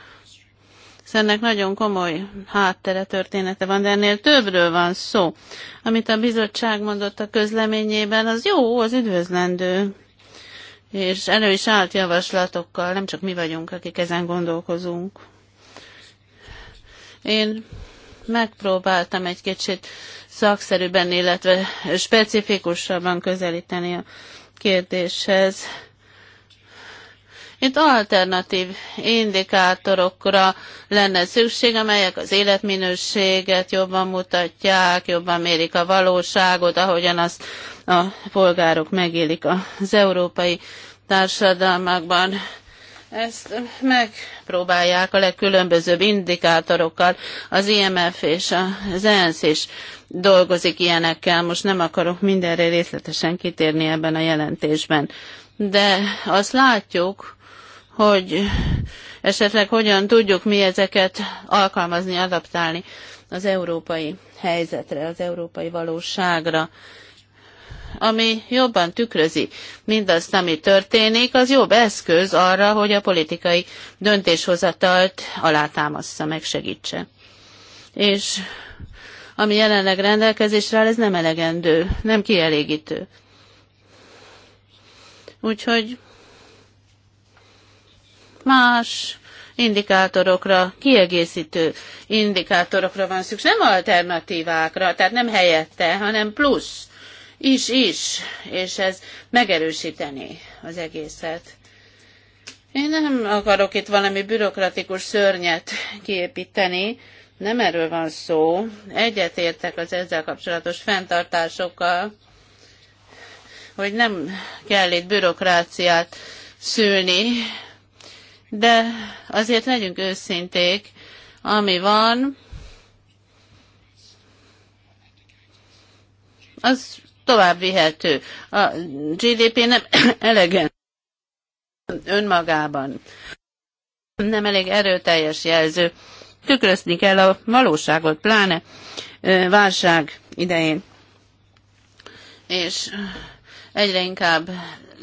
szóval ennek nagyon komoly háttere története van, de ennél többről van szó. Amit a bizottság mondott a közleményében, az jó, az üdvözlendő. És elő is állt javaslatokkal, nem csak mi vagyunk, akik ezen gondolkozunk. Én megpróbáltam egy kicsit szakszerűben, illetve specifikusabban közelíteni a kérdéshez. Itt alternatív indikátorokra lenne szükség, amelyek az életminőséget jobban mutatják, jobban mérik a valóságot, ahogyan azt a polgárok megélik az európai társadalmakban. Ezt megpróbálják a legkülönbözőbb indikátorokkal. Az IMF és az ENSZ is dolgozik ilyenekkel. Most nem akarok mindenre részletesen kitérni ebben a jelentésben. De azt látjuk, hogy esetleg hogyan tudjuk mi ezeket alkalmazni, adaptálni az európai helyzetre, az európai valóságra ami jobban tükrözi mindazt, ami történik, az jobb eszköz arra, hogy a politikai döntéshozatalt alátámassza, megsegítse. És ami jelenleg rendelkezésre áll, ez nem elegendő, nem kielégítő. Úgyhogy más indikátorokra, kiegészítő indikátorokra van szükség, nem alternatívákra, tehát nem helyette, hanem plusz is is, és ez megerősíteni az egészet. Én nem akarok itt valami bürokratikus szörnyet kiépíteni, nem erről van szó. Egyetértek az ezzel kapcsolatos fenntartásokkal, hogy nem kell itt bürokráciát szülni, de azért legyünk őszinték, ami van, az tovább vihető. A GDP nem elegen önmagában. Nem elég erőteljes jelző. Tükrözni kell a valóságot, pláne válság idején. És egyre inkább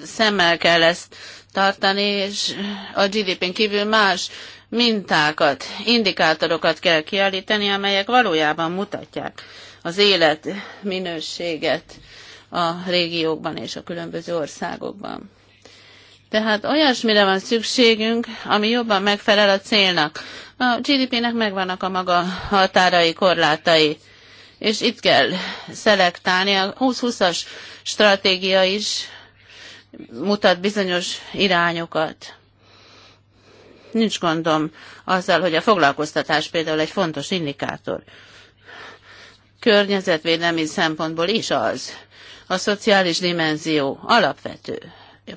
szemmel kell ezt tartani, és a GDP-n kívül más mintákat, indikátorokat kell kiállítani, amelyek valójában mutatják az élet minőséget a régiókban és a különböző országokban. Tehát olyasmire van szükségünk, ami jobban megfelel a célnak. A GDP-nek megvannak a maga határai, korlátai, és itt kell szelektálni. A 2020-as stratégia is mutat bizonyos irányokat. Nincs gondom azzal, hogy a foglalkoztatás például egy fontos indikátor környezetvédelmi szempontból is az. A szociális dimenzió alapvető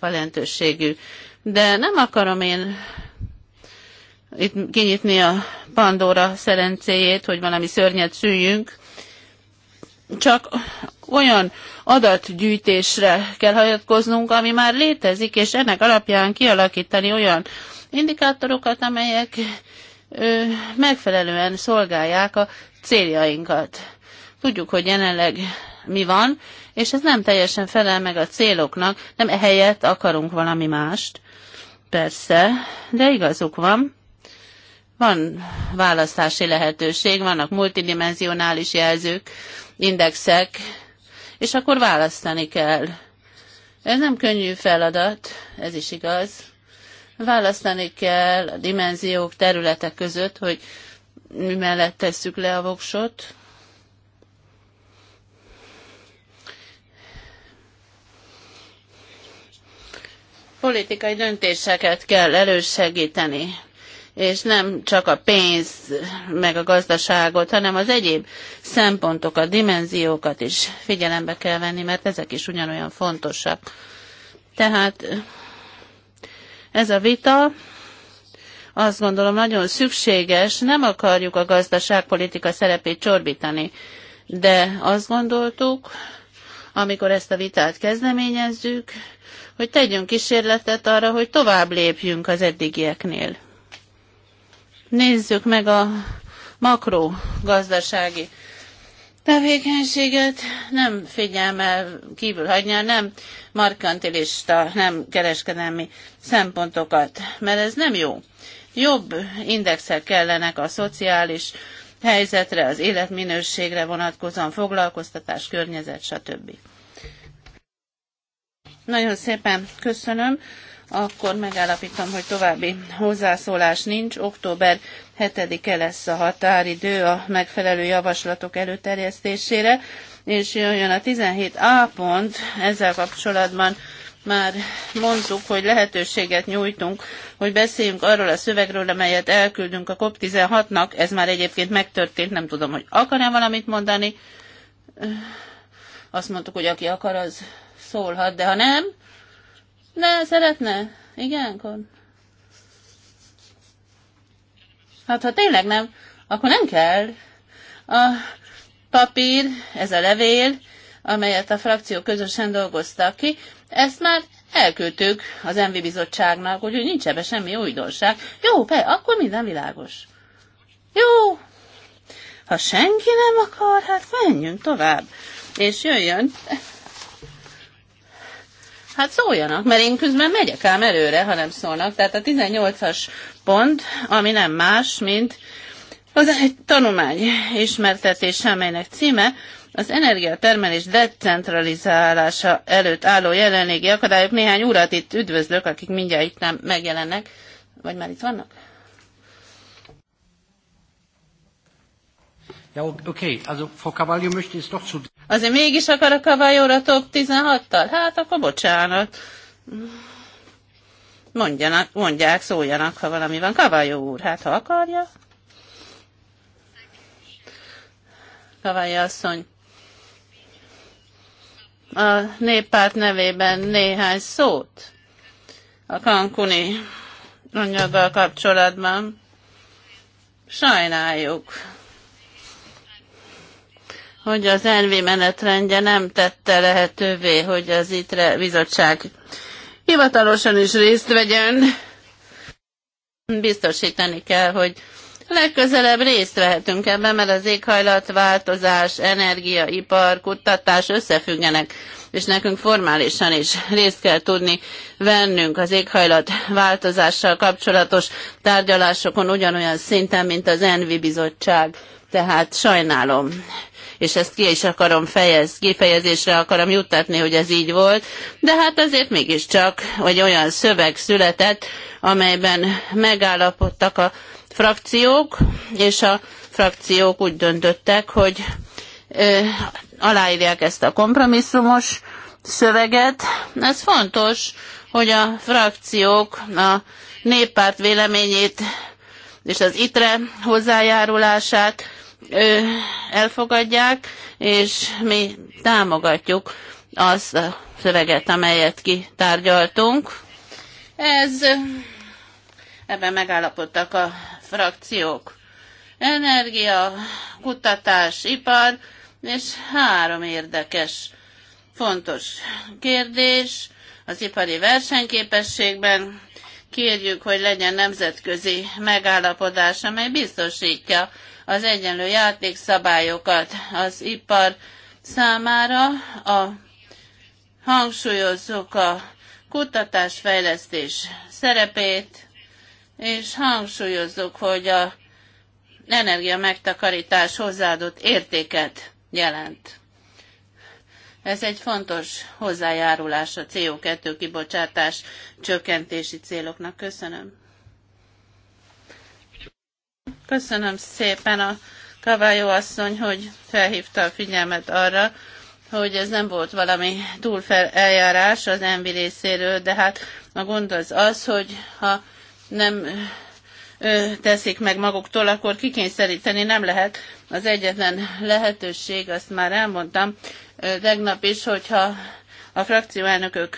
jelentőségű. De nem akarom én itt kinyitni a Pandora szerencéjét, hogy valami szörnyet szüljünk, csak olyan adatgyűjtésre kell hagyatkoznunk, ami már létezik, és ennek alapján kialakítani olyan indikátorokat, amelyek ö, megfelelően szolgálják a céljainkat. Tudjuk, hogy jelenleg mi van, és ez nem teljesen felel meg a céloknak, nem ehelyett akarunk valami mást. Persze, de igazuk van. Van választási lehetőség, vannak multidimensionális jelzők, indexek, és akkor választani kell. Ez nem könnyű feladat, ez is igaz. Választani kell a dimenziók, területek között, hogy mi mellett tesszük le a voksot, politikai döntéseket kell elősegíteni és nem csak a pénz, meg a gazdaságot, hanem az egyéb szempontokat, dimenziókat is figyelembe kell venni, mert ezek is ugyanolyan fontosak. Tehát ez a vita azt gondolom nagyon szükséges, nem akarjuk a gazdaságpolitika szerepét csorbítani, de azt gondoltuk, amikor ezt a vitát kezdeményezzük, hogy tegyünk kísérletet arra, hogy tovább lépjünk az eddigieknél. Nézzük meg a gazdasági tevékenységet, nem figyelmel kívül hagyja, nem markantilista, nem kereskedelmi szempontokat, mert ez nem jó. Jobb indexek kellenek a szociális helyzetre, az életminőségre vonatkozóan, foglalkoztatás, környezet, stb. Nagyon szépen köszönöm. Akkor megállapítom, hogy további hozzászólás nincs. Október 7-e lesz a határidő a megfelelő javaslatok előterjesztésére, és jön a 17A pont, ezzel kapcsolatban már mondtuk, hogy lehetőséget nyújtunk, hogy beszéljünk arról a szövegről, amelyet elküldünk a COP16-nak. Ez már egyébként megtörtént, nem tudom, hogy akar-e valamit mondani. Azt mondtuk, hogy aki akar, az szólhat, de ha nem, ne, szeretne. Igen, akkor... Hát ha tényleg nem, akkor nem kell. A papír, ez a levél, amelyet a frakció közösen dolgoztak ki, ezt már elküldtük az MV bizottságnak, úgyhogy nincs ebbe semmi újdonság. Jó, pe, akkor minden világos. Jó, ha senki nem akar, hát menjünk tovább. És jöjjön Hát szóljanak, mert én közben megyek ám előre, ha nem szólnak. Tehát a 18-as pont, ami nem más, mint az egy tanulmány ismertetés, amelynek címe az energiatermelés decentralizálása előtt álló jelenlegi akadályok. Néhány urat itt üdvözlök, akik mindjárt itt nem megjelennek. Vagy már itt vannak? Ja, okay. also Frau möchte es doch zu... Azért mégis akar a Cavallo-ra top 16-tal? Hát akkor bocsánat. Mondjanak, mondják, szóljanak, ha valami van. Cavallo úr, hát ha akarja. Cavallo asszony. A néppárt nevében néhány szót a kankuni anyaggal kapcsolatban. Sajnáljuk hogy az NV menetrendje nem tette lehetővé, hogy az ITRE bizottság hivatalosan is részt vegyen. Biztosítani kell, hogy legközelebb részt vehetünk ebben, mert az éghajlatváltozás, energia, ipar, kutatás összefüggenek, és nekünk formálisan is részt kell tudni vennünk az éghajlatváltozással kapcsolatos tárgyalásokon ugyanolyan szinten, mint az Envi Bizottság. Tehát sajnálom, és ezt ki is akarom fejez, kifejezésre akarom juttatni, hogy ez így volt, de hát azért mégiscsak, vagy olyan szöveg született, amelyben megállapodtak a frakciók, és a frakciók úgy döntöttek, hogy ö, aláírják ezt a kompromisszumos szöveget. Ez fontos, hogy a frakciók a néppárt véleményét és az ITRE hozzájárulását elfogadják, és mi támogatjuk azt a szöveget, amelyet kitárgyaltunk. Ez ebben megállapodtak a frakciók. Energia, kutatás, ipar, és három érdekes, fontos kérdés az ipari versenyképességben. Kérjük, hogy legyen nemzetközi megállapodás, amely biztosítja az egyenlő játékszabályokat az ipar számára, a hangsúlyozzuk a kutatásfejlesztés szerepét, és hangsúlyozzuk, hogy a energia megtakarítás hozzáadott értéket jelent. Ez egy fontos hozzájárulás a CO2 kibocsátás csökkentési céloknak. Köszönöm. Köszönöm szépen a Kavályó asszony, hogy felhívta a figyelmet arra, hogy ez nem volt valami fel eljárás az envi részéről, de hát a gond az az, hogy ha nem teszik meg maguktól, akkor kikényszeríteni nem lehet. Az egyetlen lehetőség, azt már elmondtam tegnap is, hogyha a frakcióelnökök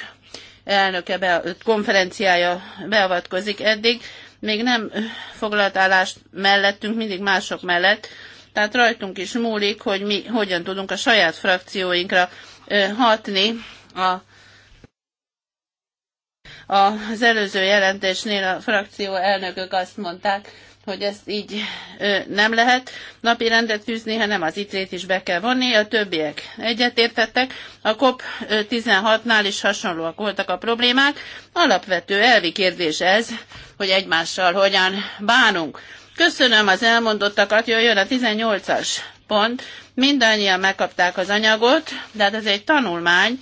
elnöke be, konferenciája beavatkozik eddig, még nem foglalt állást mellettünk, mindig mások mellett, tehát rajtunk is múlik, hogy mi hogyan tudunk a saját frakcióinkra hatni a az előző jelentésnél a frakció elnökök azt mondták, hogy ezt így ö, nem lehet napi rendet fűzni, hanem az itrét is be kell vonni, a többiek egyetértettek. A COP16-nál is hasonlóak voltak a problémák. Alapvető elvi kérdés ez, hogy egymással hogyan bánunk. Köszönöm az elmondottakat, jöjjön a 18-as pont. Mindannyian megkapták az anyagot, de hát ez egy tanulmány,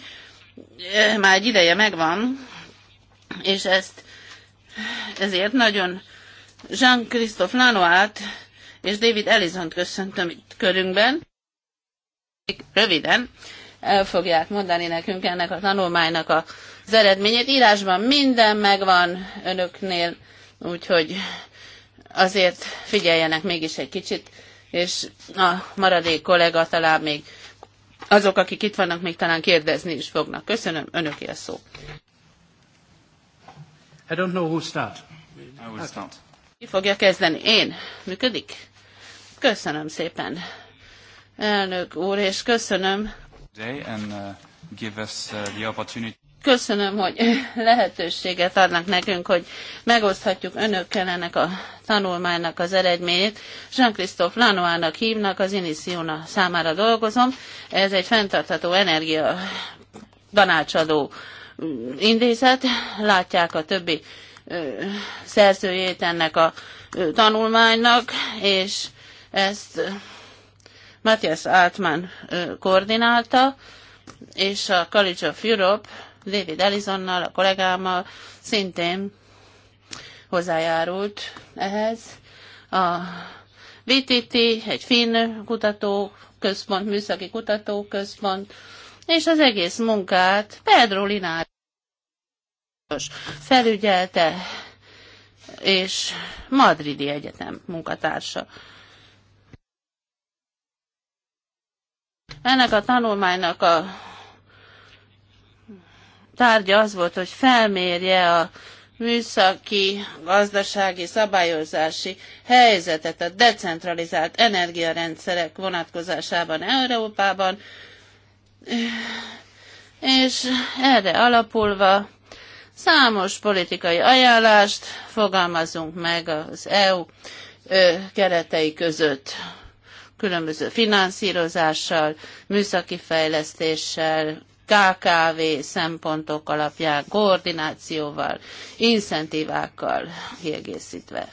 már egy ideje megvan, és ezt ezért nagyon Jean-Christophe Lanoát és David Elizont köszöntöm itt körünkben. Röviden el fogják mondani nekünk ennek a tanulmánynak az eredményét. Írásban minden megvan önöknél, úgyhogy azért figyeljenek mégis egy kicsit, és a maradék kollega talán még azok, akik itt vannak, még talán kérdezni is fognak. Köszönöm, önöké a szó. I don't know who start. I will start. Ki fogja kezdeni? Én. Működik? Köszönöm szépen, elnök úr, és köszönöm. Uh, uh, köszönöm, hogy lehetőséget adnak nekünk, hogy megoszthatjuk önökkel ennek a tanulmánynak az eredményét. Jean-Christophe Lanoának hívnak, az Inisiona számára dolgozom. Ez egy fenntartható energia tanácsadó mm, intézet. Látják a többi szerzőjét ennek a tanulmánynak, és ezt Matthias Altman koordinálta, és a College of Europe David Ellisonnal, a kollégámmal szintén hozzájárult ehhez. A VTT, egy finn központ, műszaki központ, és az egész munkát Pedro Linár felügyelte, és Madridi Egyetem munkatársa. Ennek a tanulmánynak a tárgya az volt, hogy felmérje a műszaki, gazdasági, szabályozási helyzetet a decentralizált energiarendszerek vonatkozásában Európában, és erre alapulva Számos politikai ajánlást fogalmazunk meg az EU keretei között különböző finanszírozással, műszaki fejlesztéssel, KKV szempontok alapján, koordinációval, incentívákkal kiegészítve.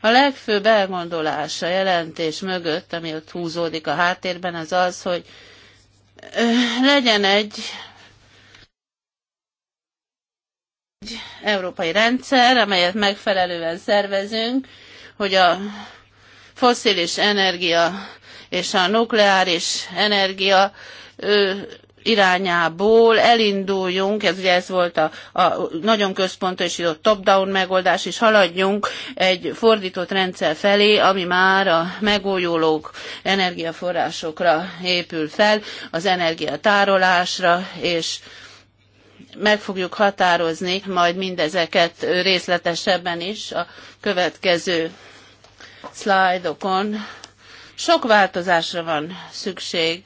A legfőbb elgondolás a jelentés mögött, ami ott húzódik a háttérben, az az, hogy legyen egy egy európai rendszer, amelyet megfelelően szervezünk, hogy a foszilis energia és a nukleáris energia ő, irányából elinduljunk, ez ugye ez volt a, a nagyon központosított top-down megoldás, és haladjunk egy fordított rendszer felé, ami már a megújulók energiaforrásokra épül fel, az energiatárolásra, és meg fogjuk határozni majd mindezeket részletesebben is a következő szlájdokon. Sok változásra van szükség,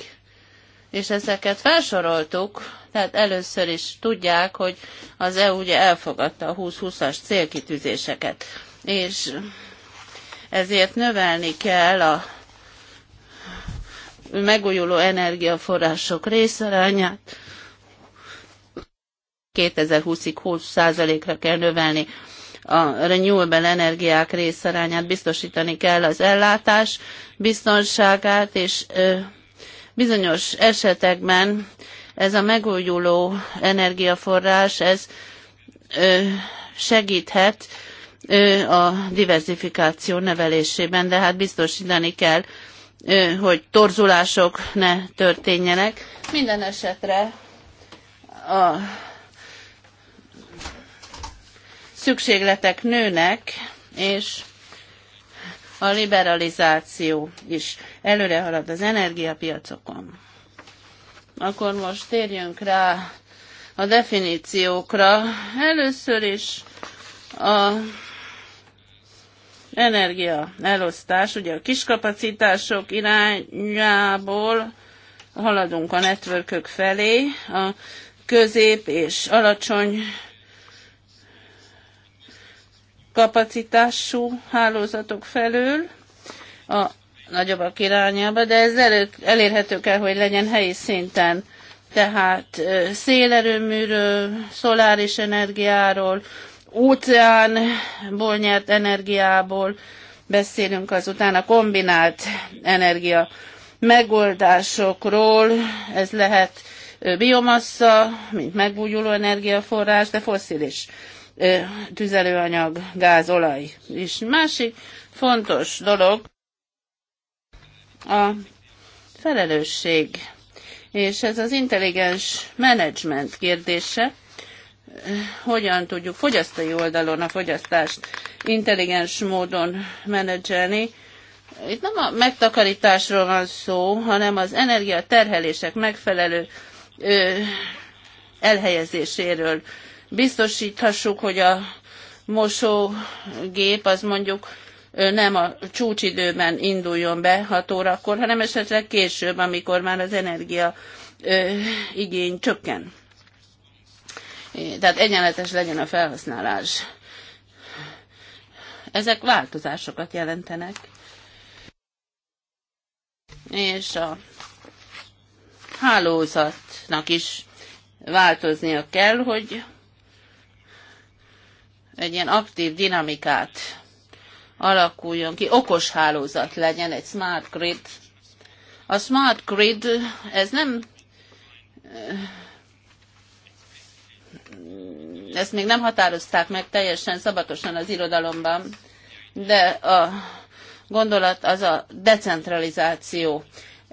és ezeket felsoroltuk, tehát először is tudják, hogy az EU ugye elfogadta a 2020-as célkitűzéseket, és ezért növelni kell a megújuló energiaforrások részarányát, 2020-ig 20%-ra kell növelni a renewable energiák részarányát, biztosítani kell az ellátás biztonságát, és bizonyos esetekben ez a megújuló energiaforrás, ez segíthet a diversifikáció nevelésében, de hát biztosítani kell, hogy torzulások ne történjenek. Minden esetre a szükségletek nőnek, és a liberalizáció is előre halad az energiapiacokon. Akkor most térjünk rá a definíciókra. Először is a energia elosztás, ugye a kiskapacitások irányából haladunk a networkök felé, a közép és alacsony kapacitású hálózatok felől a nagyobbak irányába, de ez elő, elérhető kell, hogy legyen helyi szinten. Tehát szélerőműről, szoláris energiáról, óceánból nyert energiából beszélünk azután a kombinált energia megoldásokról. Ez lehet biomassa, mint megújuló energiaforrás, de foszilis tüzelőanyag, gáz, olaj. És másik fontos dolog a felelősség, és ez az intelligens menedzsment kérdése, hogyan tudjuk fogyasztói oldalon a fogyasztást intelligens módon menedzselni. Itt nem a megtakarításról van szó, hanem az energiaterhelések megfelelő ö, elhelyezéséről biztosíthassuk, hogy a mosógép az mondjuk nem a csúcsidőben induljon be 6 órakor, hanem esetleg később, amikor már az energia ö, igény csökken. Tehát egyenletes legyen a felhasználás. Ezek változásokat jelentenek. És a hálózatnak is változnia kell, hogy egy ilyen aktív dinamikát alakuljon ki, okos hálózat legyen, egy smart grid. A smart grid, ez nem eh, ezt még nem határozták meg teljesen szabatosan az irodalomban, de a gondolat az a decentralizáció,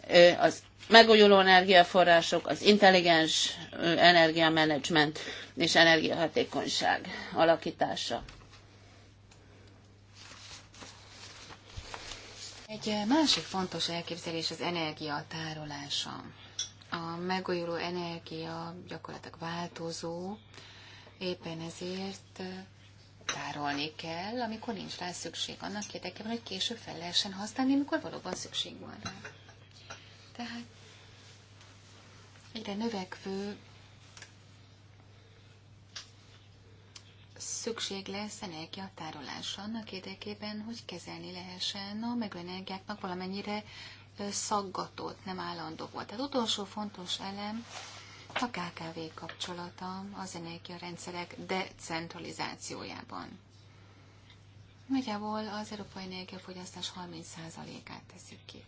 eh, az megújuló energiaforrások, az intelligens energiamenedzsment és energiahatékonyság alakítása. Egy másik fontos elképzelés az energia tárolása. A megújuló energia gyakorlatilag változó, éppen ezért tárolni kell, amikor nincs rá szükség, annak érdekében, hogy később fel lehessen használni, amikor valóban szükség van rá. Tehát egyre növekvő szükség lesz tárolása annak érdekében, hogy kezelni lehessen a meglő energiáknak valamennyire szaggatott, nem állandó volt. Tehát utolsó fontos elem a KKV kapcsolata az energiarendszerek decentralizációjában. Nagyjából az európai energiafogyasztás 30%-át teszik ki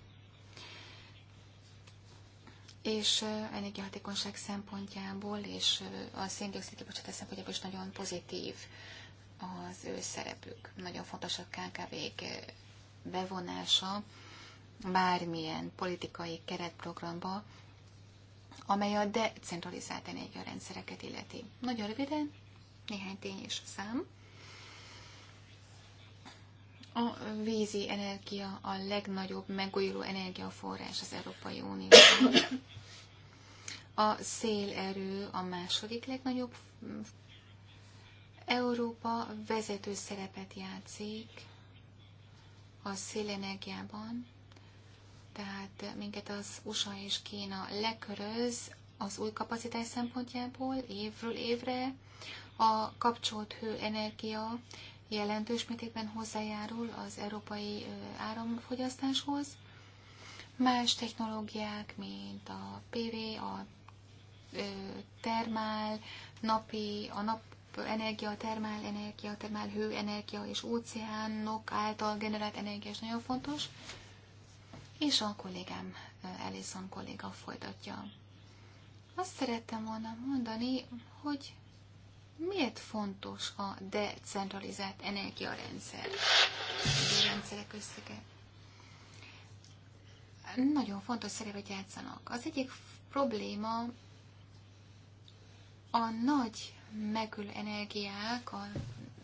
és energiahatékonyság szempontjából és a széndiokszid kibocsátás szempontjából is nagyon pozitív az ő szerepük. Nagyon fontos a kkv bevonása bármilyen politikai keretprogramba, amely a decentralizált energiarendszereket illeti. Nagyon röviden, néhány tény és szám. A vízi energia a legnagyobb megújuló energiaforrás az Európai Unióban. A szélerő a második legnagyobb. Európa vezető szerepet játszik a szélenergiában, tehát minket az USA és Kína leköröz az új kapacitás szempontjából évről évre. A kapcsolt hőenergia jelentős mértékben hozzájárul az európai áramfogyasztáshoz. Más technológiák, mint a PV, a termál, napi, a nap energia, termál energia, termál hő energia és óceánok által generált energia is nagyon fontos. És a kollégám, Ellison kolléga folytatja. Azt szerettem volna mondani, hogy miért fontos a decentralizált energiarendszer, a rendszerek összege? Nagyon fontos szerepet játszanak. Az egyik probléma a nagy megül energiák, a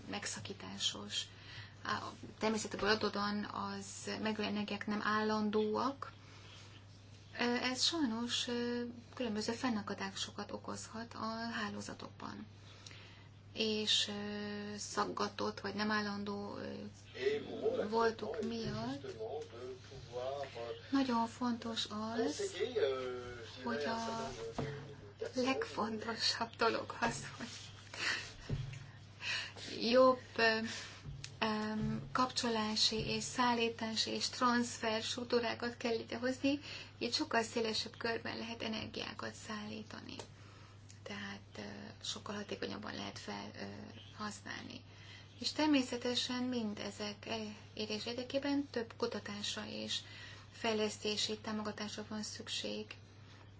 megszakításos a természetből az megül energiák nem állandóak. Ez sajnos különböző fennakadásokat okozhat a hálózatokban és szaggatott, vagy nem állandó voltuk miatt. Nagyon fontos az, hogy a legfontosabb dolog az, hogy jobb kapcsolási és szállítási és transfer struktúrákat kell idehozni, így sokkal szélesebb körben lehet energiákat szállítani tehát sokkal hatékonyabban lehet felhasználni. És természetesen mindezek e, érés érdekében több kutatása és fejlesztési támogatásra van szükség,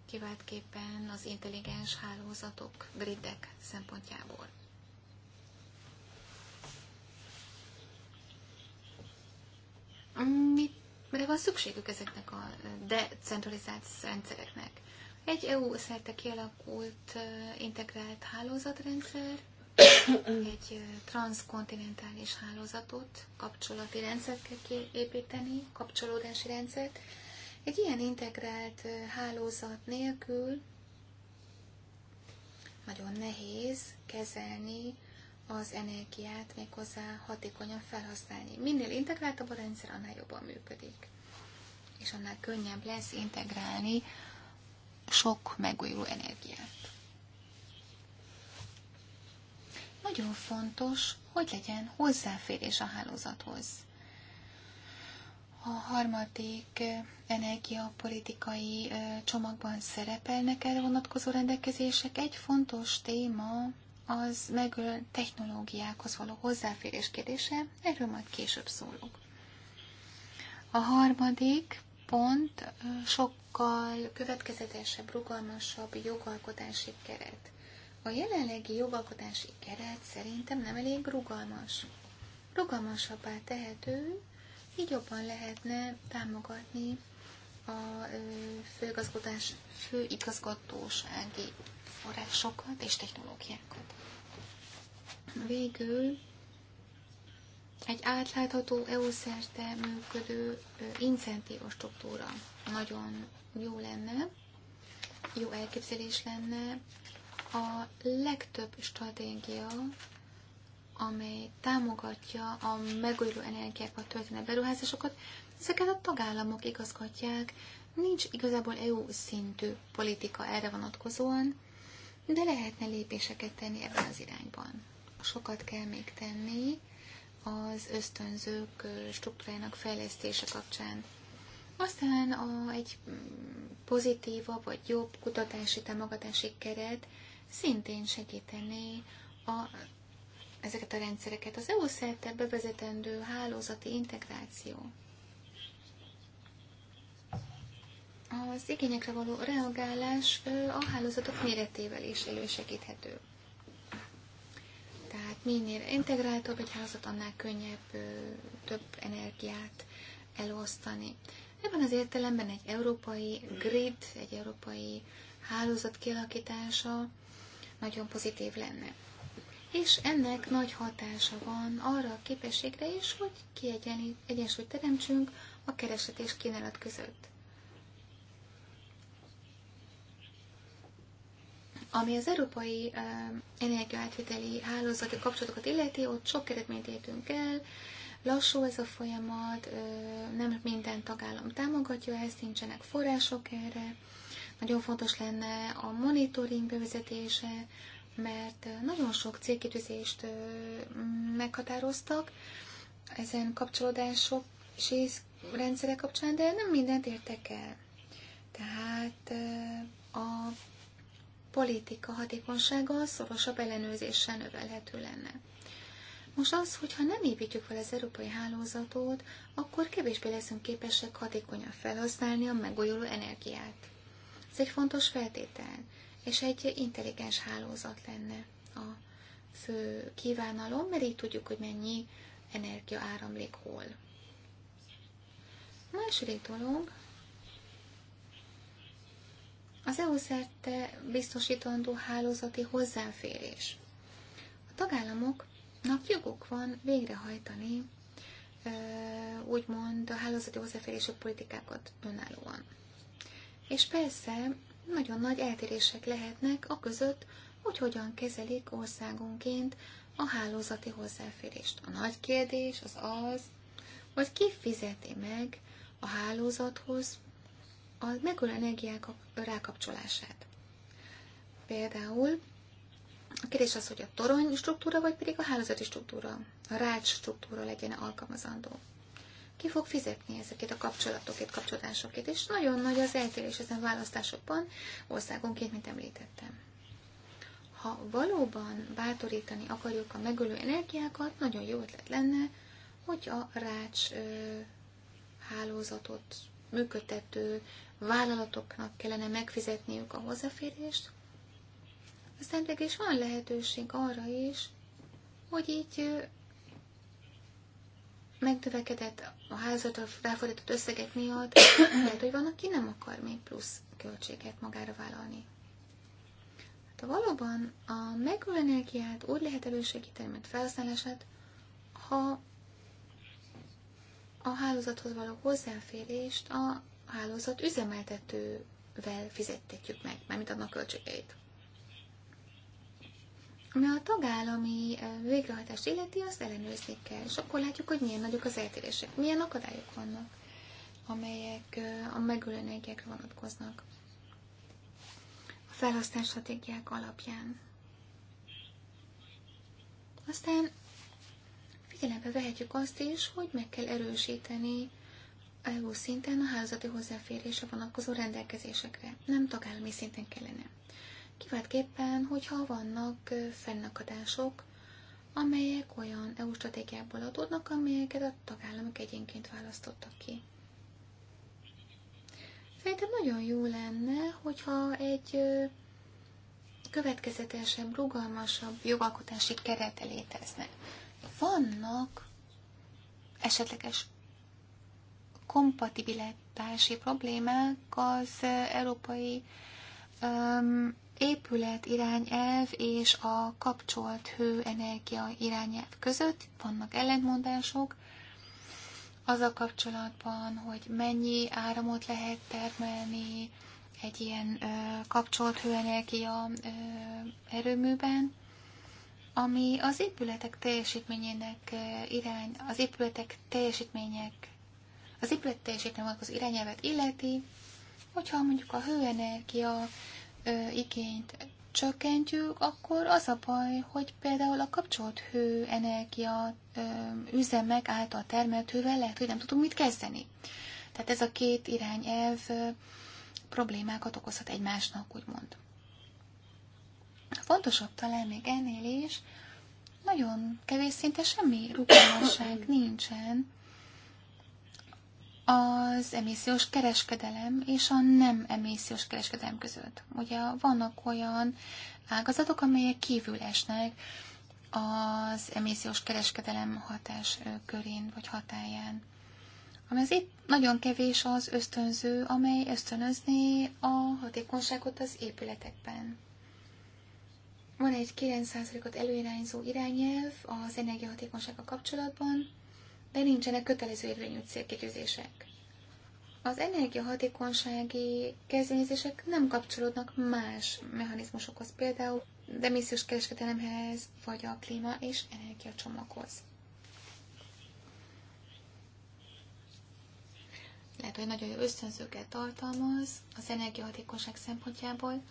kiváltképpen az intelligens hálózatok, gridek szempontjából. mire van szükségük ezeknek a decentralizált rendszereknek? Egy EU szerte kialakult integrált hálózatrendszer, egy transzkontinentális hálózatot, kapcsolati rendszert kell építeni, kapcsolódási rendszert. Egy ilyen integrált hálózat nélkül nagyon nehéz kezelni az energiát méghozzá hatékonyan felhasználni. Minél integráltabb a rendszer, annál jobban működik, és annál könnyebb lesz integrálni sok megújuló energiát. Nagyon fontos, hogy legyen hozzáférés a hálózathoz. A harmadik energiapolitikai csomagban szerepelnek erre vonatkozó rendelkezések. Egy fontos téma az megöl technológiákhoz való hozzáférés kérdése, erről majd később szólok. A harmadik pont sok sokkal következetesebb, rugalmasabb jogalkotási keret. A jelenlegi jogalkotási keret szerintem nem elég rugalmas. Rugalmasabbá tehető, így jobban lehetne támogatni a főigazgatás, főigazgatósági forrásokat és technológiákat. Végül egy átlátható EU-szerte működő incentív struktúra nagyon jó lenne, jó elképzelés lenne a legtöbb stratégia, amely támogatja a megújuló energiákba történő beruházásokat, ezeket a tagállamok igazgatják, nincs igazából EU szintű politika erre vonatkozóan, de lehetne lépéseket tenni ebben az irányban. Sokat kell még tenni az ösztönzők struktúrájának fejlesztése kapcsán. Aztán a, egy mm, pozitívabb vagy jobb kutatási támogatási keret szintén segítené a, ezeket a rendszereket. Az EU szerte bevezetendő hálózati integráció az igényekre való reagálás a hálózatok méretével is elősegíthető. Tehát minél integráltabb egy házat, annál könnyebb több energiát elosztani. Ebben az értelemben egy európai grid, egy európai hálózat kialakítása nagyon pozitív lenne. És ennek nagy hatása van arra a képességre is, hogy kiegyenlít, egyensúlyt teremtsünk a kereset és kínálat között. Ami az európai eh, energiaátviteli hálózati kapcsolatokat illeti, ott sok eredményt értünk el, Lassú ez a folyamat, nem minden tagállam támogatja ezt, nincsenek források erre. Nagyon fontos lenne a monitoring bevezetése, mert nagyon sok célkitűzést meghatároztak ezen kapcsolódások és rendszerek kapcsán, de nem mindent értek el. Tehát a politika hatékonysága szorosabb ellenőrzéssel növelhető lenne. Most az, hogyha nem építjük fel az európai hálózatot, akkor kevésbé leszünk képesek hatékonyan felhasználni a megújuló energiát. Ez egy fontos feltétel, és egy intelligens hálózat lenne a fő kívánalom, mert így tudjuk, hogy mennyi energia áramlik hol. második dolog, az EU szerte biztosítandó hálózati hozzáférés. A tagállamok joguk van végrehajtani úgymond a hálózati hozzáférésű politikákat önállóan. És persze nagyon nagy eltérések lehetnek a között, hogy hogyan kezelik országonként a hálózati hozzáférést. A nagy kérdés az az, hogy ki fizeti meg a hálózathoz a megújuló energiák rákapcsolását. Például a kérdés az, hogy a torony struktúra, vagy pedig a hálózati struktúra, a rács struktúra legyen alkalmazandó. Ki fog fizetni ezeket a kapcsolatokat, kapcsolatásokat, és nagyon nagy az eltérés ezen választásokban, országonként, mint említettem. Ha valóban bátorítani akarjuk a megölő energiákat, nagyon jó ötlet lenne, hogy a rács ö, hálózatot működtető vállalatoknak kellene megfizetniük a hozzáférést, aztán is van lehetőség arra is, hogy így megtövekedett a a ráfordított összeget miatt, mert hogy van, aki nem akar még plusz költséget magára vállalni. Hát ha valóban a megújuló energiát úgy lehet elősegíteni, mert felhasználását, ha a hálózathoz való hozzáférést a hálózat üzemeltetővel fizettetjük meg, mármint adnak költségeit. Na, a tagállami eh, végrehajtást illeti, azt ellenőrizni kell, és akkor látjuk, hogy milyen nagyok az eltérések, milyen akadályok vannak, amelyek eh, a megölő energiákra vonatkoznak. A felhasználás stratégiák alapján. Aztán figyelembe vehetjük azt is, hogy meg kell erősíteni EU szinten a házati hozzáférésre vonatkozó rendelkezésekre, nem tagállami szinten kellene kiváltképpen, hogyha vannak fennakadások, amelyek olyan EU stratégiából adódnak, amelyeket a tagállamok egyénként választottak ki. Szerintem nagyon jó lenne, hogyha egy következetesebb, rugalmasabb jogalkotási kerete létezne. Vannak esetleges kompatibilitási problémák az európai um, épület irányelv és a kapcsolt hőenergia irányelv között vannak ellentmondások, az a kapcsolatban, hogy mennyi áramot lehet termelni egy ilyen ö, kapcsolt hőenergia ö, erőműben, ami az épületek teljesítményének irány, az épületek teljesítmények, az épület teljesítmények az irányelvet illeti, hogyha mondjuk a hőenergia ö, igényt csökkentjük, akkor az a baj, hogy például a kapcsolt hőenergia üzemek által termelt hővel lehet, hogy nem tudunk mit kezdeni. Tehát ez a két irányelv problémákat okozhat egymásnak, úgymond. Fontosabb talán még ennél is, nagyon kevés szinte semmi rugalmasság nincsen az emissziós kereskedelem és a nem emissziós kereskedelem között. Ugye vannak olyan ágazatok, amelyek kívül esnek az emissziós kereskedelem hatás körén vagy hatáján. Ami az itt nagyon kevés az ösztönző, amely ösztönözné a hatékonyságot az épületekben. Van egy 9%-ot előirányzó irányelv az energiahatékonysága kapcsolatban, de nincsenek kötelező érvényű célkitűzések. Az energiahatékonysági kezdeményezések nem kapcsolódnak más mechanizmusokhoz, például demissziós kereskedelemhez, vagy a klíma és energiacsomaghoz. Lehet, hogy nagyon jó ösztönzőket tartalmaz az energiahatékonyság szempontjából,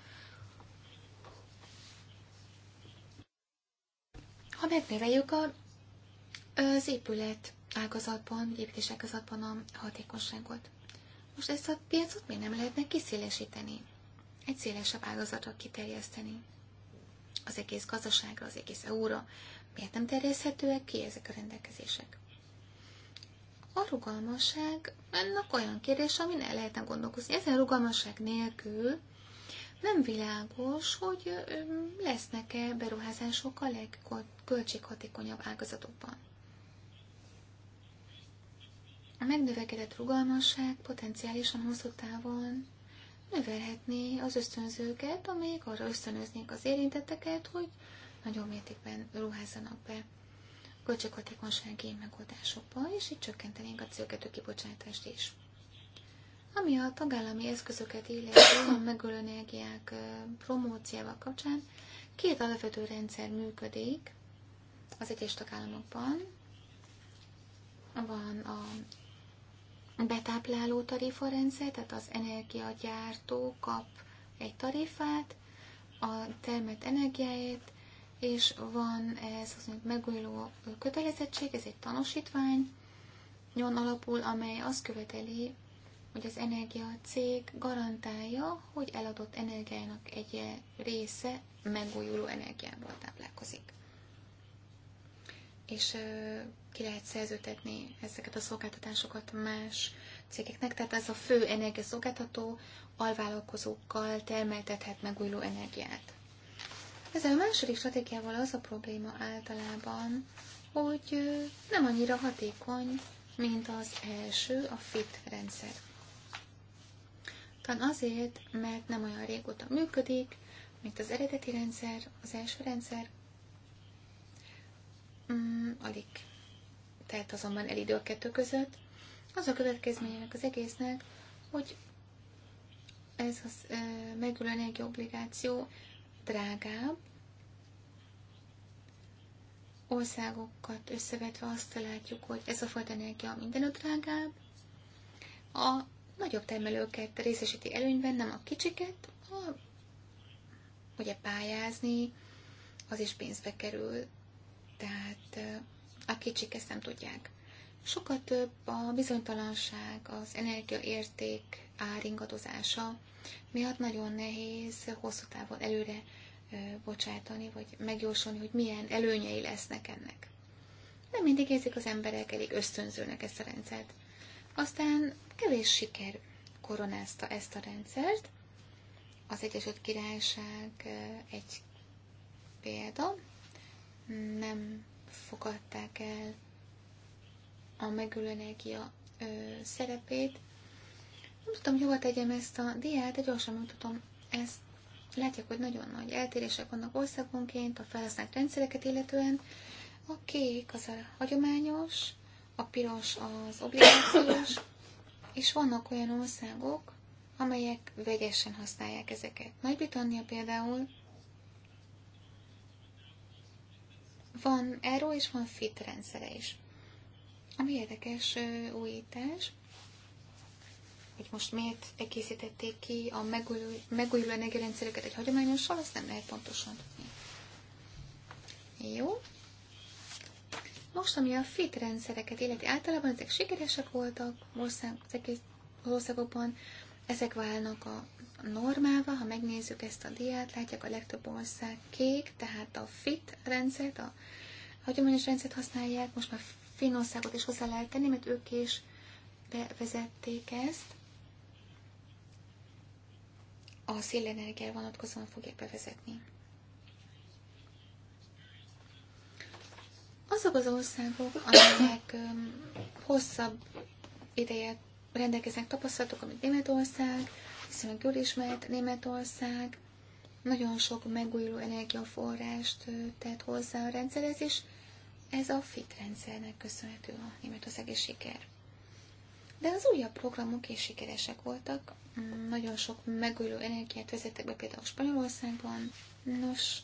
ha megnéveljük a, az épület ágazatban, építés ágazatban a hatékonyságot. Most ezt a piacot még nem lehetne kiszélesíteni? Egy szélesebb ágazatra kiterjeszteni? Az egész gazdaságra, az egész euróra, Miért nem terjeszthetőek ki ezek a rendelkezések? A rugalmasság ennek olyan kérdés, amin el lehetne gondolkozni. Ezen rugalmasság nélkül nem világos, hogy lesznek-e beruházások a legköltséghatékonyabb ágazatokban. A megnövekedett rugalmasság potenciálisan hosszú távon növelhetné az ösztönzőket, amelyek arra ösztönöznék az érintetteket, hogy nagyobb mértékben ruházzanak be költséghatékonysági megoldásokba, és így csökkentenénk a CO2 kibocsátást is. Ami a tagállami eszközöket illeti a megölő energiák promóciával kapcsán, két alapvető rendszer működik az egyes tagállamokban. Van a betápláló tarifarendszer, tehát az energiagyártó kap egy tarifát a termelt energiáért, és van ez az megújuló kötelezettség, ez egy tanúsítvány, nyon alapul, amely azt követeli, hogy az energiacég garantálja, hogy eladott energiának egy része megújuló energiával táplálkozik és ki lehet szerződtetni ezeket a szolgáltatásokat más cégeknek, tehát ez a fő energiaszolgáltató alvállalkozókkal termeltethet megújuló energiát. Ezzel a második stratégiával az a probléma általában, hogy nem annyira hatékony, mint az első, a FIT rendszer. Talán azért, mert nem olyan régóta működik, mint az eredeti rendszer, az első rendszer, mm, alig tehát azonban elidő a kettő között. Az a következményének az egésznek, hogy ez az e, megülő obligáció drágább, országokat összevetve azt látjuk, hogy ez a fajta energia mindenütt drágább. A nagyobb termelőket részesíti előnyben, nem a kicsiket, a, ugye pályázni, az is pénzbe kerül, tehát a kicsik ezt nem tudják. Sokkal több a bizonytalanság, az energiaérték áringadozása miatt nagyon nehéz hosszú távon előre bocsátani, vagy megjósolni, hogy milyen előnyei lesznek ennek. Nem mindig érzik az emberek, elég ösztönzőnek ezt a rendszert. Aztán kevés siker koronázta ezt a rendszert. Az Egyesült Királyság egy példa, nem fogadták el a megülő energia ö, szerepét. Nem tudom, hova tegyem ezt a diát, de gyorsan mutatom. Ez látják, hogy nagyon nagy eltérések vannak országonként, a felhasznált rendszereket illetően. A kék az a hagyományos, a piros az obligációs, és vannak olyan országok, amelyek vegyesen használják ezeket. Nagy-Britannia például Van ERO és van FIT rendszere is. Ami érdekes újítás, hogy most miért készítették ki a megújuló, megújuló energiarendszereket egy hagyományossal, azt nem lehet pontosan tudni. Jó. Most, ami a fit rendszereket illeti, általában ezek sikeresek voltak ország, az egész az országokban, ezek válnak a normálva, ha megnézzük ezt a diát, látják a legtöbb ország kék, tehát a FIT rendszert, a hagyományos rendszert használják, most már Finnországot is hozzá lehet tenni, mert ők is bevezették ezt. A szélenergiára vonatkozóan fogják bevezetni. Azok az országok, amelyek hosszabb ideje rendelkeznek tapasztalatok, amit Németország, viszonylag jól ismert Németország, nagyon sok megújuló energiaforrást tett hozzá a rendszerhez, és ez a FIT rendszernek köszönhető a és siker. De az újabb programok is sikeresek voltak, mm, nagyon sok megújuló energiát vezettek be például Spanyolországban. Nos,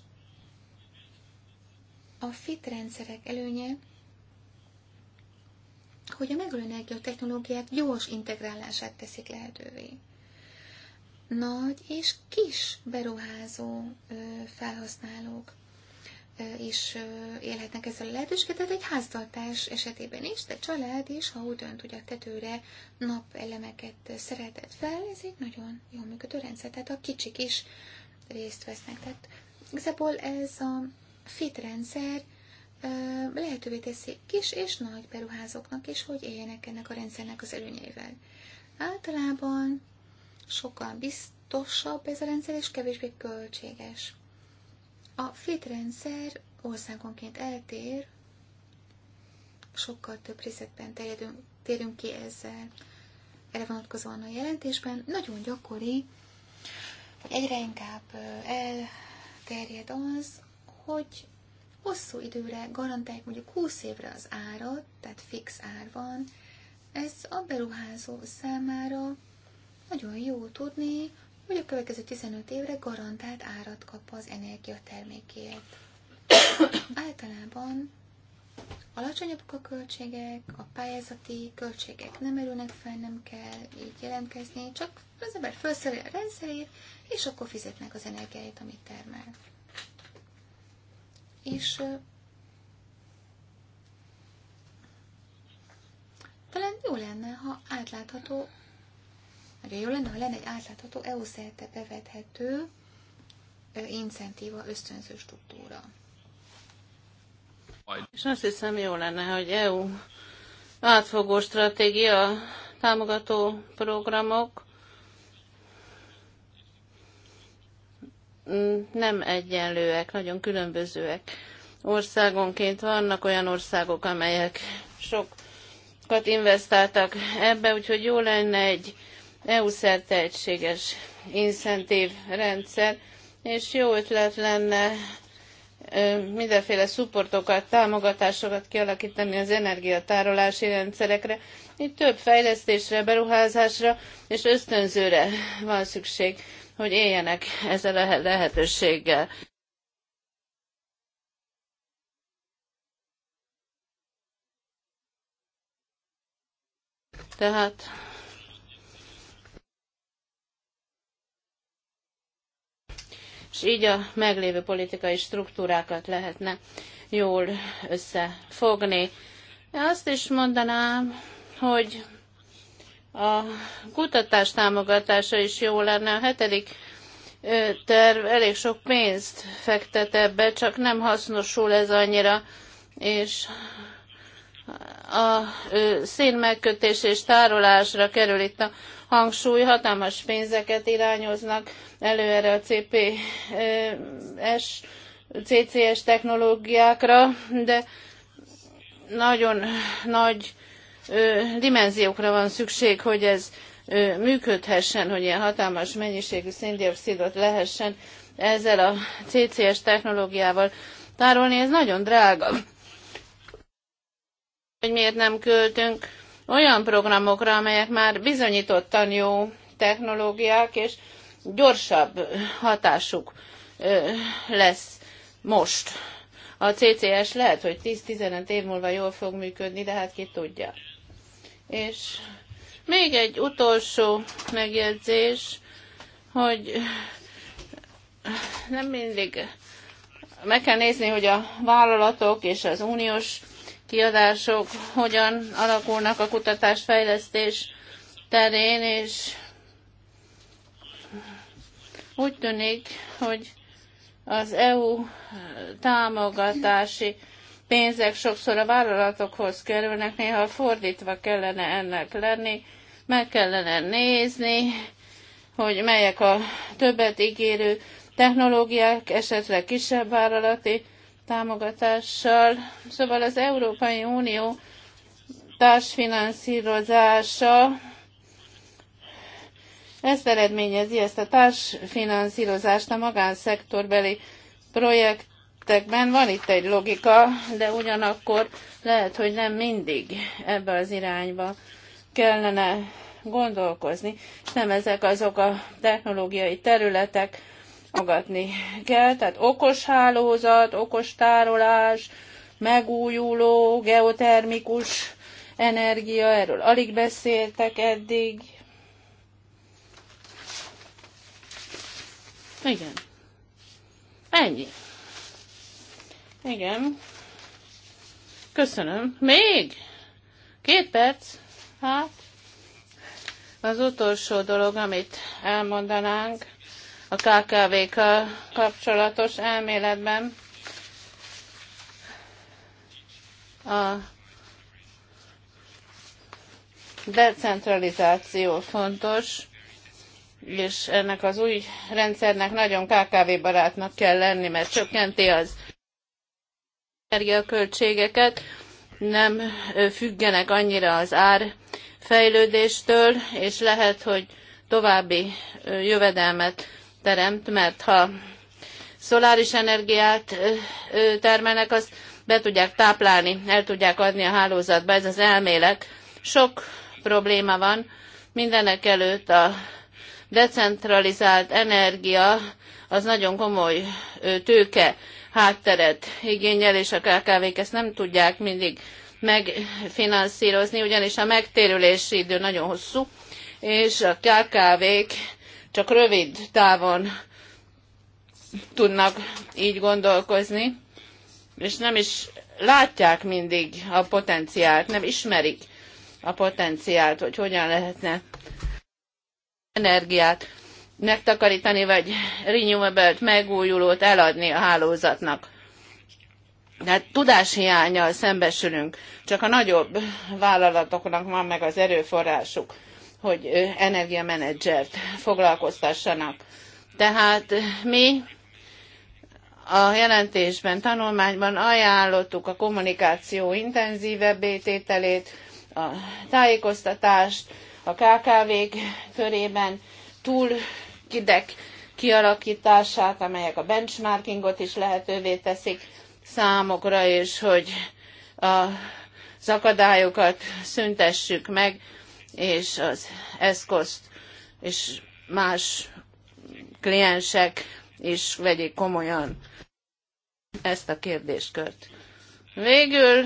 a FIT rendszerek előnye hogy a megülő energiatechnológiák gyors integrálását teszik lehetővé. Nagy és kis beruházó felhasználók is élhetnek ezzel a lehetőséget, tehát egy háztartás esetében is, de család is, ha úgy dönt, hogy a tetőre napelemeket szeretett fel, ez egy nagyon jól működő rendszer, tehát a kicsik is részt vesznek. Tehát igazából ez a fit rendszer lehetővé teszi kis és nagy beruházóknak is, hogy éljenek ennek a rendszernek az előnyeivel. Általában sokkal biztosabb ez a rendszer, és kevésbé költséges. A FIT rendszer országonként eltér, sokkal több részletben terjedünk, térünk ki ezzel. Erre vonatkozóan a jelentésben nagyon gyakori, egyre inkább elterjed az, hogy hosszú időre garantálják mondjuk 20 évre az árat, tehát fix ár van, ez a beruházó számára nagyon jó tudni, hogy a következő 15 évre garantált árat kap az energiatermékért. Általában alacsonyabbak a költségek, a pályázati költségek nem erülnek fel, nem kell így jelentkezni, csak az ember felszereli a rendszerét, és akkor fizetnek az energiáit, amit termel és talán jó lenne, ha átlátható, nagyon jó lenne, ha lenne egy átlátható, EU szerte bevethető incentíva ösztönző struktúra. És azt hiszem jó lenne, hogy EU átfogó stratégia, támogató programok, Mm, nem egyenlőek, nagyon különbözőek. Országonként vannak olyan országok, amelyek sokat investáltak ebbe, úgyhogy jó lenne egy EU-szerte egységes incentív rendszer, és jó ötlet lenne mindenféle szupportokat, támogatásokat kialakítani az energiatárolási rendszerekre. Itt több fejlesztésre, beruházásra és ösztönzőre van szükség hogy éljenek ezzel a lehetőséggel. Tehát és így a meglévő politikai struktúrákat lehetne jól összefogni. Azt is mondanám, hogy a kutatás támogatása is jó lenne. A hetedik terv elég sok pénzt fektet ebbe, csak nem hasznosul ez annyira, és a szín megkötés és tárolásra kerül itt a hangsúly, hatalmas pénzeket irányoznak elő erre a CPS, CCS technológiákra, de nagyon nagy dimenziókra van szükség, hogy ez működhessen, hogy ilyen hatalmas mennyiségű széndiokszidot lehessen ezzel a CCS technológiával tárolni. Ez nagyon drága. Hogy miért nem költünk olyan programokra, amelyek már bizonyítottan jó technológiák, és gyorsabb hatásuk lesz most. A CCS lehet, hogy 10-15 év múlva jól fog működni, de hát ki tudja. És még egy utolsó megjegyzés, hogy nem mindig meg kell nézni, hogy a vállalatok és az uniós kiadások hogyan alakulnak a kutatásfejlesztés terén, és úgy tűnik, hogy az EU támogatási pénzek sokszor a vállalatokhoz kerülnek, néha fordítva kellene ennek lenni, meg kellene nézni, hogy melyek a többet ígérő technológiák, esetleg kisebb vállalati támogatással. Szóval az Európai Unió társfinanszírozása ezt eredményezi, ezt a társfinanszírozást a magánszektorbeli projekt projektekben van itt egy logika, de ugyanakkor lehet, hogy nem mindig ebbe az irányba kellene gondolkozni, és nem ezek azok a technológiai területek, magatni kell, tehát okos hálózat, okos tárolás, megújuló, geotermikus energia, erről alig beszéltek eddig. Igen. Ennyi. Igen. Köszönöm. Még? Két perc? Hát. Az utolsó dolog, amit elmondanánk a KKV-kkal kapcsolatos elméletben, a decentralizáció fontos, és ennek az új rendszernek nagyon KKV barátnak kell lenni, mert csökkenti az energiaköltségeket nem függenek annyira az ár fejlődéstől, és lehet, hogy további jövedelmet teremt, mert ha szoláris energiát termelnek, azt be tudják táplálni, el tudják adni a hálózatba. Ez az elmélet. Sok probléma van. Mindenek előtt a decentralizált energia az nagyon komoly tőke hátteret igényel, és a KKV-k ezt nem tudják mindig megfinanszírozni, ugyanis a megtérülési idő nagyon hosszú, és a KKV-k csak rövid távon tudnak így gondolkozni, és nem is látják mindig a potenciált, nem ismerik a potenciált, hogy hogyan lehetne energiát megtakarítani, vagy renewable megújulót eladni a hálózatnak. Tehát tudáshiányjal szembesülünk, csak a nagyobb vállalatoknak van meg az erőforrásuk, hogy energiamenedzsert foglalkoztassanak. Tehát mi a jelentésben, tanulmányban ajánlottuk a kommunikáció intenzívebb tételét, a tájékoztatást a KKV-k körében túl kidek kialakítását, amelyek a benchmarkingot is lehetővé teszik számokra, és hogy az akadályokat szüntessük meg, és az eszközt és más kliensek is vegyék komolyan ezt a kérdéskört. Végül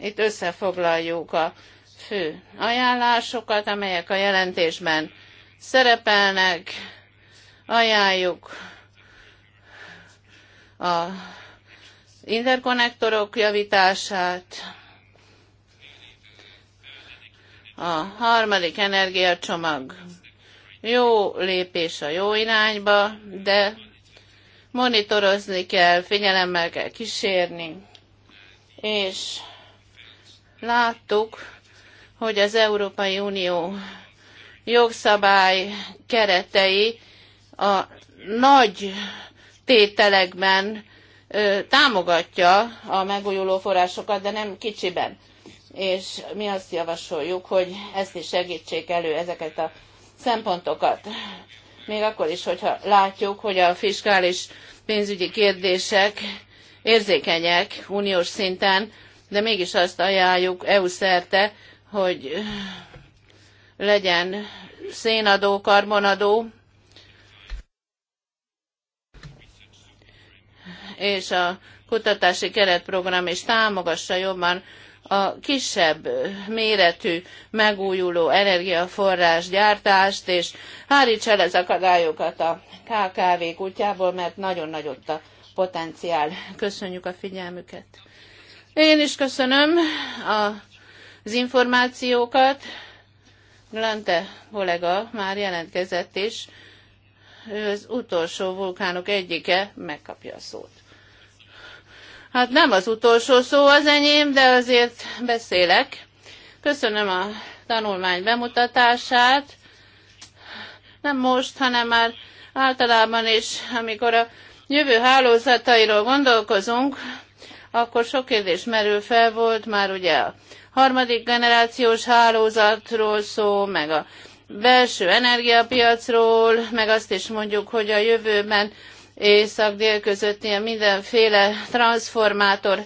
itt összefoglaljuk a fő ajánlásokat, amelyek a jelentésben szerepelnek, ajánljuk a interkonnektorok javítását, a harmadik energiacsomag jó lépés a jó irányba, de monitorozni kell, figyelemmel kell kísérni, és láttuk, hogy az Európai Unió jogszabály keretei a nagy tételekben támogatja a megújuló forrásokat, de nem kicsiben. És mi azt javasoljuk, hogy ezt is segítsék elő ezeket a szempontokat. Még akkor is, hogyha látjuk, hogy a fiskális pénzügyi kérdések érzékenyek uniós szinten, de mégis azt ajánljuk EU szerte, hogy legyen szénadó, karbonadó, és a kutatási keretprogram is támogassa jobban a kisebb méretű megújuló energiaforrás gyártást, és hárítsa el az akadályokat a KKV útjából, mert nagyon nagy ott a potenciál. Köszönjük a figyelmüket. Én is köszönöm a, az információkat. Glante kollega már jelentkezett is, ő az utolsó vulkánok egyike, megkapja a szót. Hát nem az utolsó szó az enyém, de azért beszélek. Köszönöm a tanulmány bemutatását. Nem most, hanem már általában is, amikor a jövő hálózatairól gondolkozunk, akkor sok kérdés merül fel volt már ugye a harmadik generációs hálózatról szó, meg a belső energiapiacról, meg azt is mondjuk, hogy a jövőben észak-dél között ilyen mindenféle transformátor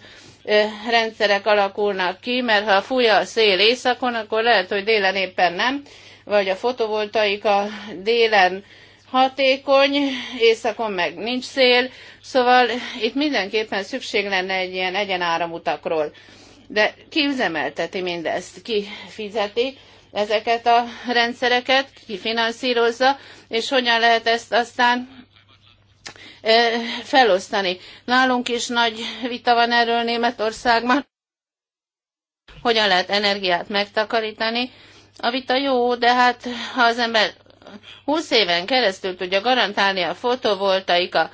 rendszerek alakulnak ki, mert ha fúj a szél északon, akkor lehet, hogy délen éppen nem, vagy a fotovoltaika délen hatékony, északon meg nincs szél, szóval itt mindenképpen szükség lenne egy ilyen egyenáramutakról de üzemelteti mindezt, ki fizeti ezeket a rendszereket, ki finanszírozza, és hogyan lehet ezt aztán felosztani. Nálunk is nagy vita van erről Németországban, hogyan lehet energiát megtakarítani. A vita jó, de hát ha az ember 20 éven keresztül tudja garantálni a fotovoltaika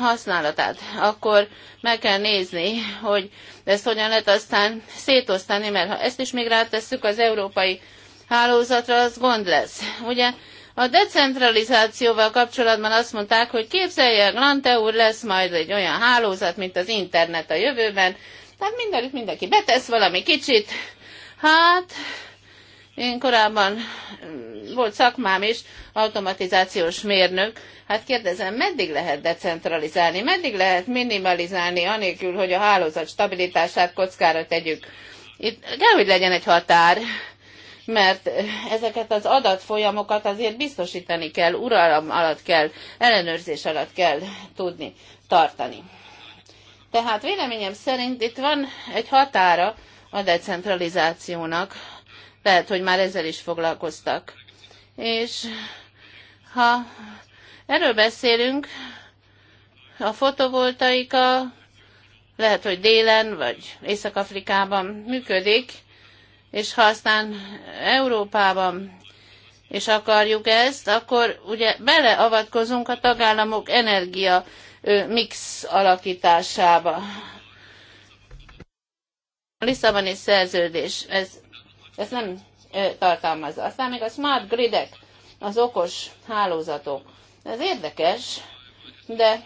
használatát, akkor meg kell nézni, hogy ezt hogyan lehet aztán szétosztani, mert ha ezt is még rátesszük az európai hálózatra, az gond lesz. Ugye a decentralizációval kapcsolatban azt mondták, hogy képzelje, Glante úr lesz majd egy olyan hálózat, mint az internet a jövőben, tehát mindenütt mindenki betesz valami kicsit, hát én korábban mm, volt szakmám is, automatizációs mérnök. Hát kérdezem, meddig lehet decentralizálni, meddig lehet minimalizálni, anélkül, hogy a hálózat stabilitását kockára tegyük. Itt kell, hogy legyen egy határ, mert ezeket az adatfolyamokat azért biztosítani kell, uralom alatt kell, ellenőrzés alatt kell tudni tartani. Tehát véleményem szerint itt van egy határa a decentralizációnak, lehet, hogy már ezzel is foglalkoztak. És ha erről beszélünk, a fotovoltaika lehet, hogy délen vagy Észak-Afrikában működik, és ha aztán Európában és akarjuk ezt, akkor ugye beleavatkozunk a tagállamok energia mix alakításába. A Lisszaboni szerződés ez ezt nem tartalmazza. Aztán még a smart gridek, az okos hálózatok. Ez érdekes, de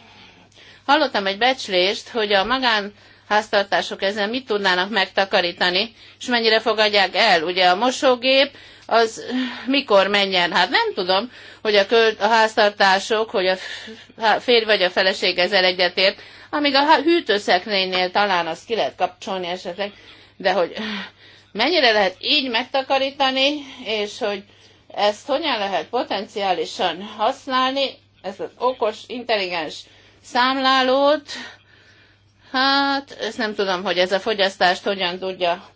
hallottam egy becslést, hogy a magán háztartások ezzel mit tudnának megtakarítani, és mennyire fogadják el. Ugye a mosógép az mikor menjen? Hát nem tudom, hogy a, költ, a háztartások, hogy a férj vagy a feleség ezzel egyetért, amíg a hűtőszekrénynél talán azt ki lehet kapcsolni esetleg, de hogy mennyire lehet így megtakarítani, és hogy ezt hogyan lehet potenciálisan használni, ez az okos, intelligens számlálót, hát ezt nem tudom, hogy ez a fogyasztást hogyan tudja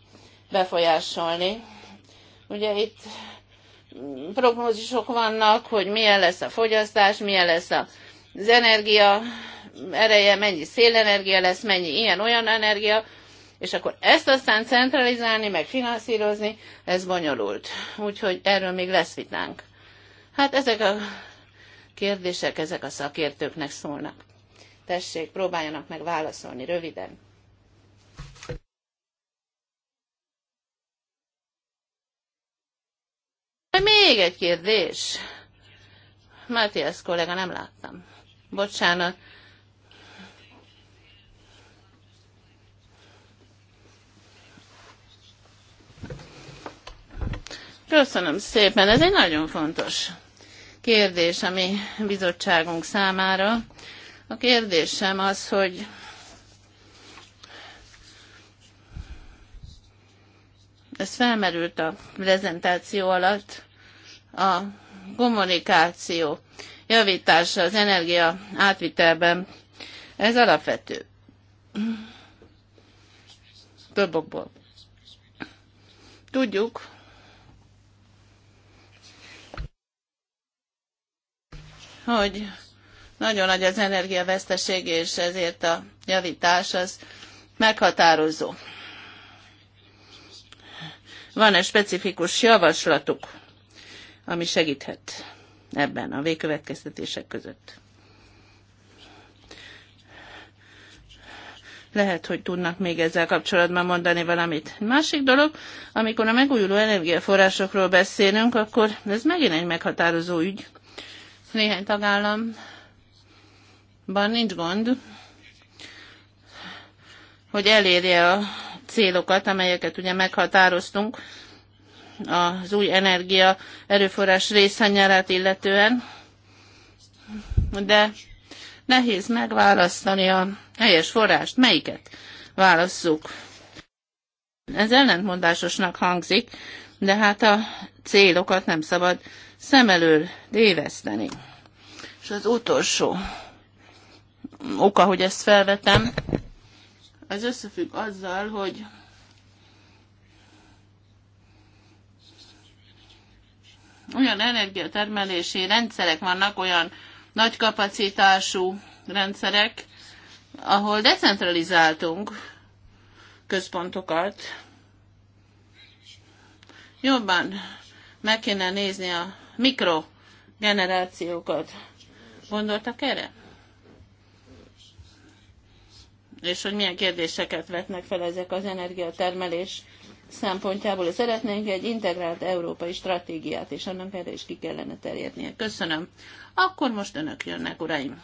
befolyásolni. Ugye itt prognózisok vannak, hogy milyen lesz a fogyasztás, milyen lesz az energia ereje, mennyi szélenergia lesz, mennyi ilyen-olyan energia, és akkor ezt aztán centralizálni, meg finanszírozni, ez bonyolult. Úgyhogy erről még lesz vitánk. Hát ezek a kérdések, ezek a szakértőknek szólnak. Tessék, próbáljanak meg válaszolni röviden. Még egy kérdés. Matthias kollega, nem láttam. Bocsánat, Köszönöm szépen, ez egy nagyon fontos kérdés a mi bizottságunk számára. A kérdésem az, hogy ez felmerült a prezentáció alatt, a kommunikáció javítása az energia átvitelben, ez alapvető. Több okból. Tudjuk, hogy nagyon nagy az energiaveszteség, és ezért a javítás az meghatározó. Van-e specifikus javaslatuk, ami segíthet ebben a végkövetkeztetések között? lehet, hogy tudnak még ezzel kapcsolatban mondani valamit. Másik dolog, amikor a megújuló energiaforrásokról beszélünk, akkor ez megint egy meghatározó ügy. Néhány tagállamban nincs gond, hogy elérje a célokat, amelyeket ugye meghatároztunk az új energia erőforrás részanyárát illetően, de nehéz megválasztani a helyes forrást, melyiket válasszuk. Ez ellentmondásosnak hangzik, de hát a célokat nem szabad szem elől téveszteni. És az utolsó oka, hogy ezt felvetem, az összefügg azzal, hogy olyan energiatermelési rendszerek vannak, olyan nagy kapacitású rendszerek, ahol decentralizáltunk központokat, jobban meg kéne nézni a mikrogenerációkat. Gondoltak erre? És hogy milyen kérdéseket vetnek fel ezek az energiatermelés szempontjából. Szeretnénk egy integrált európai stratégiát, és annak erre is ki kellene terjednie. Köszönöm. Akkor most önök jönnek, uraim.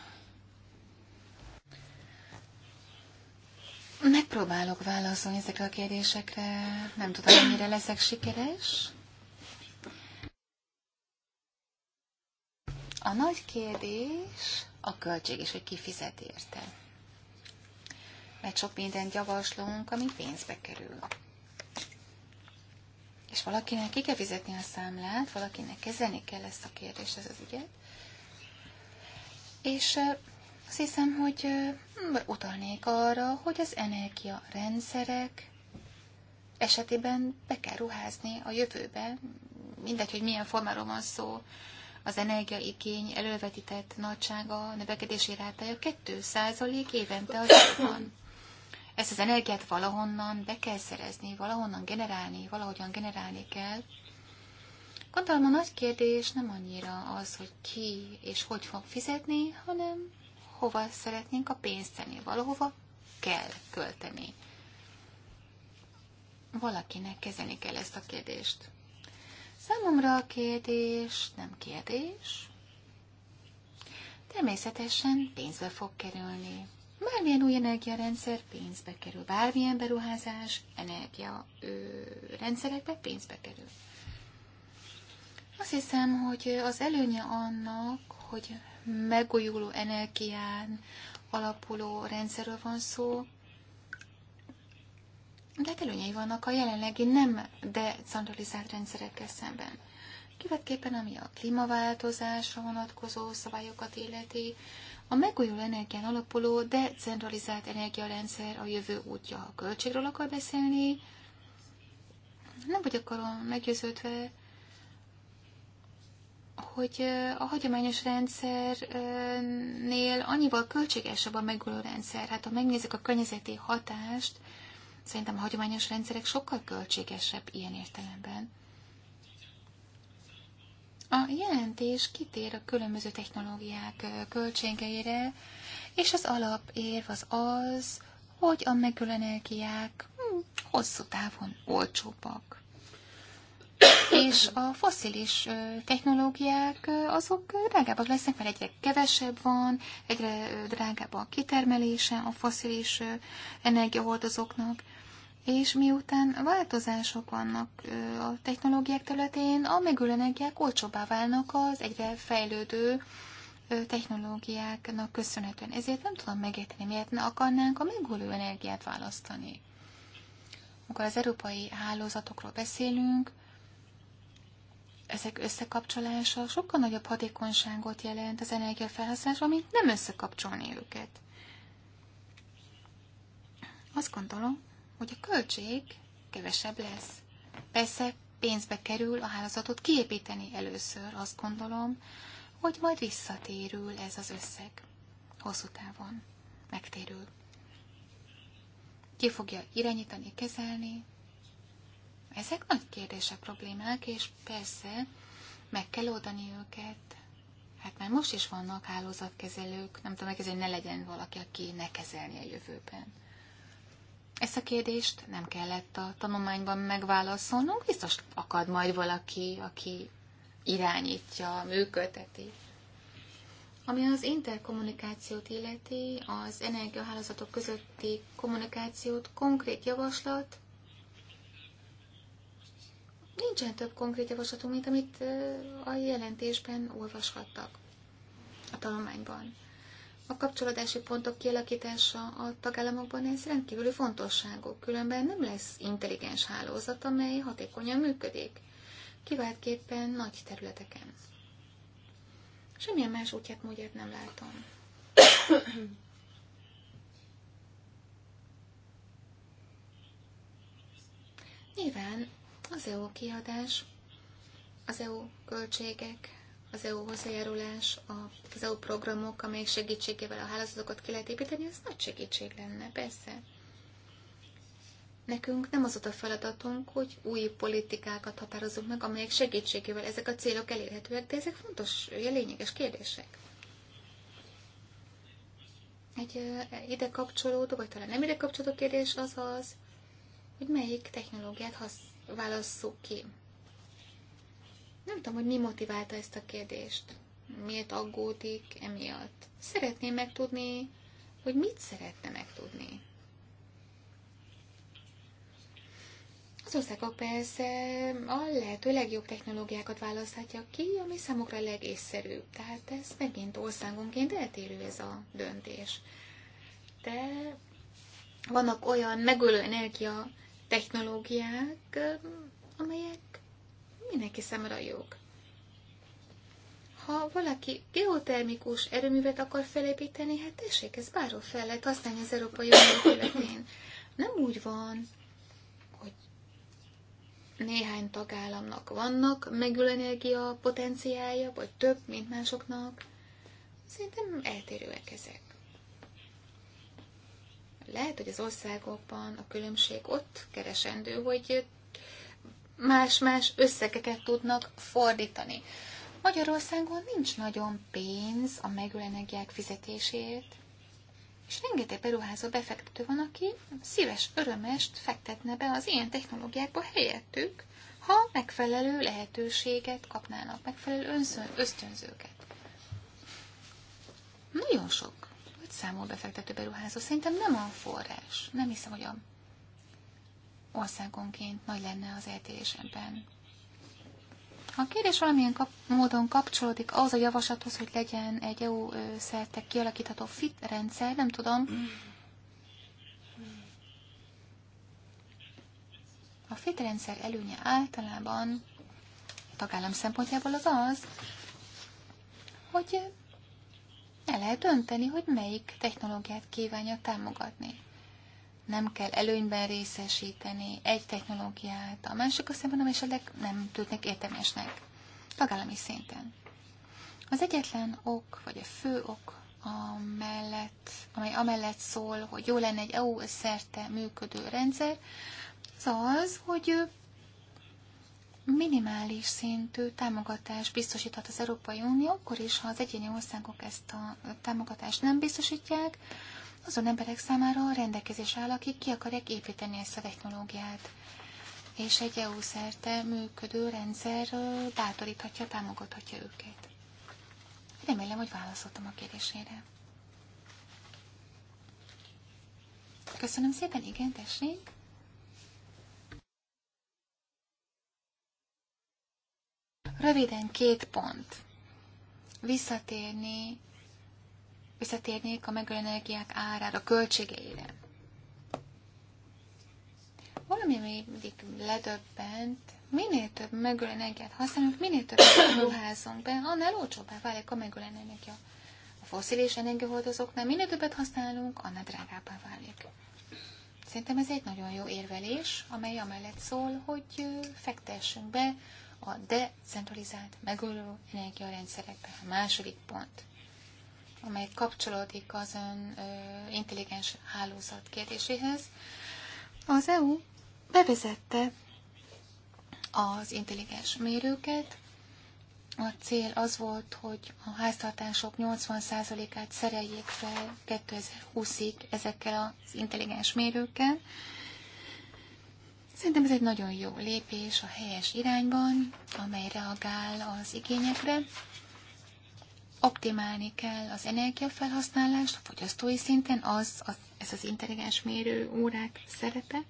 Megpróbálok válaszolni ezekre a kérdésekre. Nem tudom, mennyire leszek sikeres. A nagy kérdés a költség és hogy ki fizet érte. Mert sok mindent javaslunk, ami pénzbe kerül. És valakinek ki kell fizetni a számlát, valakinek kezelni kell ezt a kérdést, ez az ügyet. És azt hiszem, hogy utalnék arra, hogy az energia rendszerek esetében be kell ruházni a jövőbe, mindegy, hogy milyen formáról van szó, az energiaigény elővetített nagysága növekedési rátája 2% évente az van. Ezt az energiát valahonnan be kell szerezni, valahonnan generálni, valahogyan generálni kell. Gondolom a nagy kérdés nem annyira az, hogy ki és hogy fog fizetni, hanem hova szeretnénk a pénzt tenni, valahova kell költeni. Valakinek kezelni kell ezt a kérdést. Számomra a kérdés nem kérdés. Természetesen pénzbe fog kerülni. Bármilyen új energiarendszer pénzbe kerül, bármilyen beruházás energiarendszerekbe rendszerekbe pénzbe kerül. Azt hiszem, hogy az előnye annak, hogy megújuló energián alapuló rendszerről van szó, de előnyei vannak a jelenlegi nem decentralizált rendszerekkel szemben. Kivetképpen ami a klímaváltozásra vonatkozó szabályokat illeti, a megújuló energián alapuló decentralizált energiarendszer a jövő útja. A költségről akar beszélni, nem vagyok arról meggyőződve, hogy a hagyományos rendszernél annyival költségesebb a megújuló rendszer. Hát ha megnézzük a környezeti hatást, Szerintem a hagyományos rendszerek sokkal költségesebb ilyen értelemben. A jelentés kitér a különböző technológiák költségeire, és az alapérv az az, hogy a megülő energiák hm, hosszú távon olcsóbbak. És a foszilis technológiák azok drágábbak lesznek, mert egyre kevesebb van, egyre drágább a kitermelése a foszilis energiahordozóknak és miután változások vannak a technológiák területén, a megülőenergiák olcsóbbá válnak az egyre fejlődő technológiáknak köszönhetően. Ezért nem tudom megérteni, miért ne akarnánk a megújuló energiát választani. Amikor az európai hálózatokról beszélünk, ezek összekapcsolása sokkal nagyobb hatékonyságot jelent az energiafelhasználásban, mint nem összekapcsolni őket. Azt gondolom, hogy a költség kevesebb lesz. Persze pénzbe kerül a hálózatot kiépíteni először, azt gondolom, hogy majd visszatérül ez az összeg. Hosszú távon megtérül. Ki fogja irányítani, kezelni? Ezek nagy kérdések, problémák, és persze meg kell oldani őket. Hát már most is vannak hálózatkezelők, nem tudom, hogy ne legyen valaki, aki ne kezelni a jövőben. Ezt a kérdést nem kellett a tanulmányban megválaszolnunk, biztos akad majd valaki, aki irányítja, működteti. Ami az interkommunikációt illeti, az energiahálózatok közötti kommunikációt, konkrét javaslat, nincsen több konkrét javaslatunk, mint amit a jelentésben olvashattak a tanulmányban. A kapcsolódási pontok kialakítása a tagállamokban ez rendkívüli fontosságú, különben nem lesz intelligens hálózat, amely hatékonyan működik, kiváltképpen nagy területeken. Semmilyen más útját, módját nem látom. Nyilván az EU kiadás, az EU költségek az EU hozzájárulás, az EU programok, amelyek segítségével a hálózatokat ki lehet építeni, ez nagy segítség lenne, persze. Nekünk nem az ott a feladatunk, hogy új politikákat határozunk meg, amelyek segítségével ezek a célok elérhetőek, de ezek fontos, lényeges kérdések. Egy ide kapcsolódó, vagy talán nem ide kapcsolódó kérdés az az, hogy melyik technológiát hasz, válasszuk ki. Nem tudom, hogy mi motiválta ezt a kérdést. Miért aggódik emiatt? Szeretném megtudni, hogy mit szeretne megtudni. Az országok persze a lehető legjobb technológiákat választhatja ki, ami számukra legészszerűbb. Tehát ez megint országonként eltérő ez a döntés. De vannak olyan megölő energia technológiák, amelyek mindenki számára jók. Ha valaki geotermikus erőművet akar felépíteni, hát tessék, ez bárhol fel lehet használni az Európai Unió területén. Nem úgy van, hogy néhány tagállamnak vannak energia potenciálja, vagy több, mint másoknak. Szerintem eltérőek ezek lehet, hogy az országokban a különbség ott keresendő, hogy más-más összegeket tudnak fordítani. Magyarországon nincs nagyon pénz a megülő energiák fizetésért, és rengeteg beruházó befektető van, aki szíves örömest fektetne be az ilyen technológiákba helyettük, ha megfelelő lehetőséget kapnának, megfelelő önszön, ösztönzőket. Nagyon sok, hogy számol befektető beruházó, szerintem nem a forrás. Nem hiszem, hogy a országonként nagy lenne az eltérésemben. A kérdés valamilyen kap- módon kapcsolódik ahhoz a javaslathoz, hogy legyen egy EU szerte kialakítható fit rendszer, nem tudom. A fit rendszer előnye általában a tagállam szempontjából az az, hogy el lehet dönteni, hogy melyik technológiát kívánja támogatni nem kell előnyben részesíteni egy technológiát, a másik a szemben, és esetleg nem tűnnek értelmesnek, tagállami szinten. Az egyetlen ok, vagy a fő ok, amellett, amely amellett szól, hogy jó lenne egy EU szerte működő rendszer, az az, hogy minimális szintű támogatást biztosíthat az Európai Unió, akkor is, ha az egyéni országok ezt a támogatást nem biztosítják, azon emberek számára rendelkezés áll, akik ki akarják építeni ezt a technológiát. És egy EU szerte működő rendszer bátoríthatja, támogathatja őket. Remélem, hogy válaszoltam a kérdésére. Köszönöm szépen, igen, tessék. Röviden két pont. Visszatérni Visszatérnék a megölő energiák árára, költségeire. Valami még mindig ledöbbent, minél több megölő energiát használunk, minél több ruházunk be, annál olcsóbbá válik a megölő energia. A foszilis energiahordozóknál minél többet használunk, annál drágábbá válik. Szerintem ez egy nagyon jó érvelés, amely amellett szól, hogy fektessünk be a decentralizált megölő energiarendszerekbe. A második pont amely kapcsolódik az ön ö, intelligens hálózat kérdéséhez. Az EU bevezette az intelligens mérőket. A cél az volt, hogy a háztartások 80%-át szereljék fel 2020-ig ezekkel az intelligens mérőkkel. Szerintem ez egy nagyon jó lépés a helyes irányban, amely reagál az igényekre optimálni kell az energiafelhasználást a fogyasztói szinten, az, az, ez az intelligens mérő órák szerepe.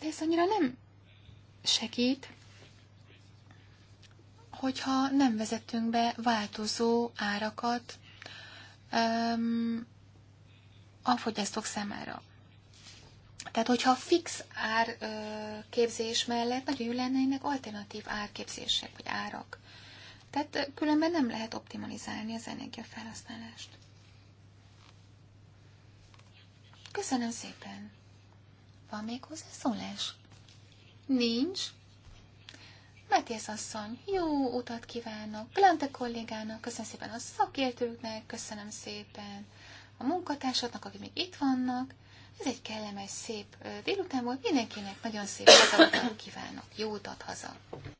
De ez annyira nem segít, hogyha nem vezetünk be változó árakat öm, a fogyasztók számára. Tehát, hogyha fix árképzés mellett nagyon jó lenne ennek alternatív árképzések vagy árak. Tehát különben nem lehet optimalizálni az energiafelhasználást. Köszönöm szépen. Van még hozzászólás? Nincs. Matthias asszony, jó utat kívánok. Glante kollégának, köszönöm szépen a szakértőknek, köszönöm szépen a munkatársatnak, akik még itt vannak. Ez egy kellemes, szép délután volt. Mindenkinek nagyon szép hazautat kívánok. Jó utat haza.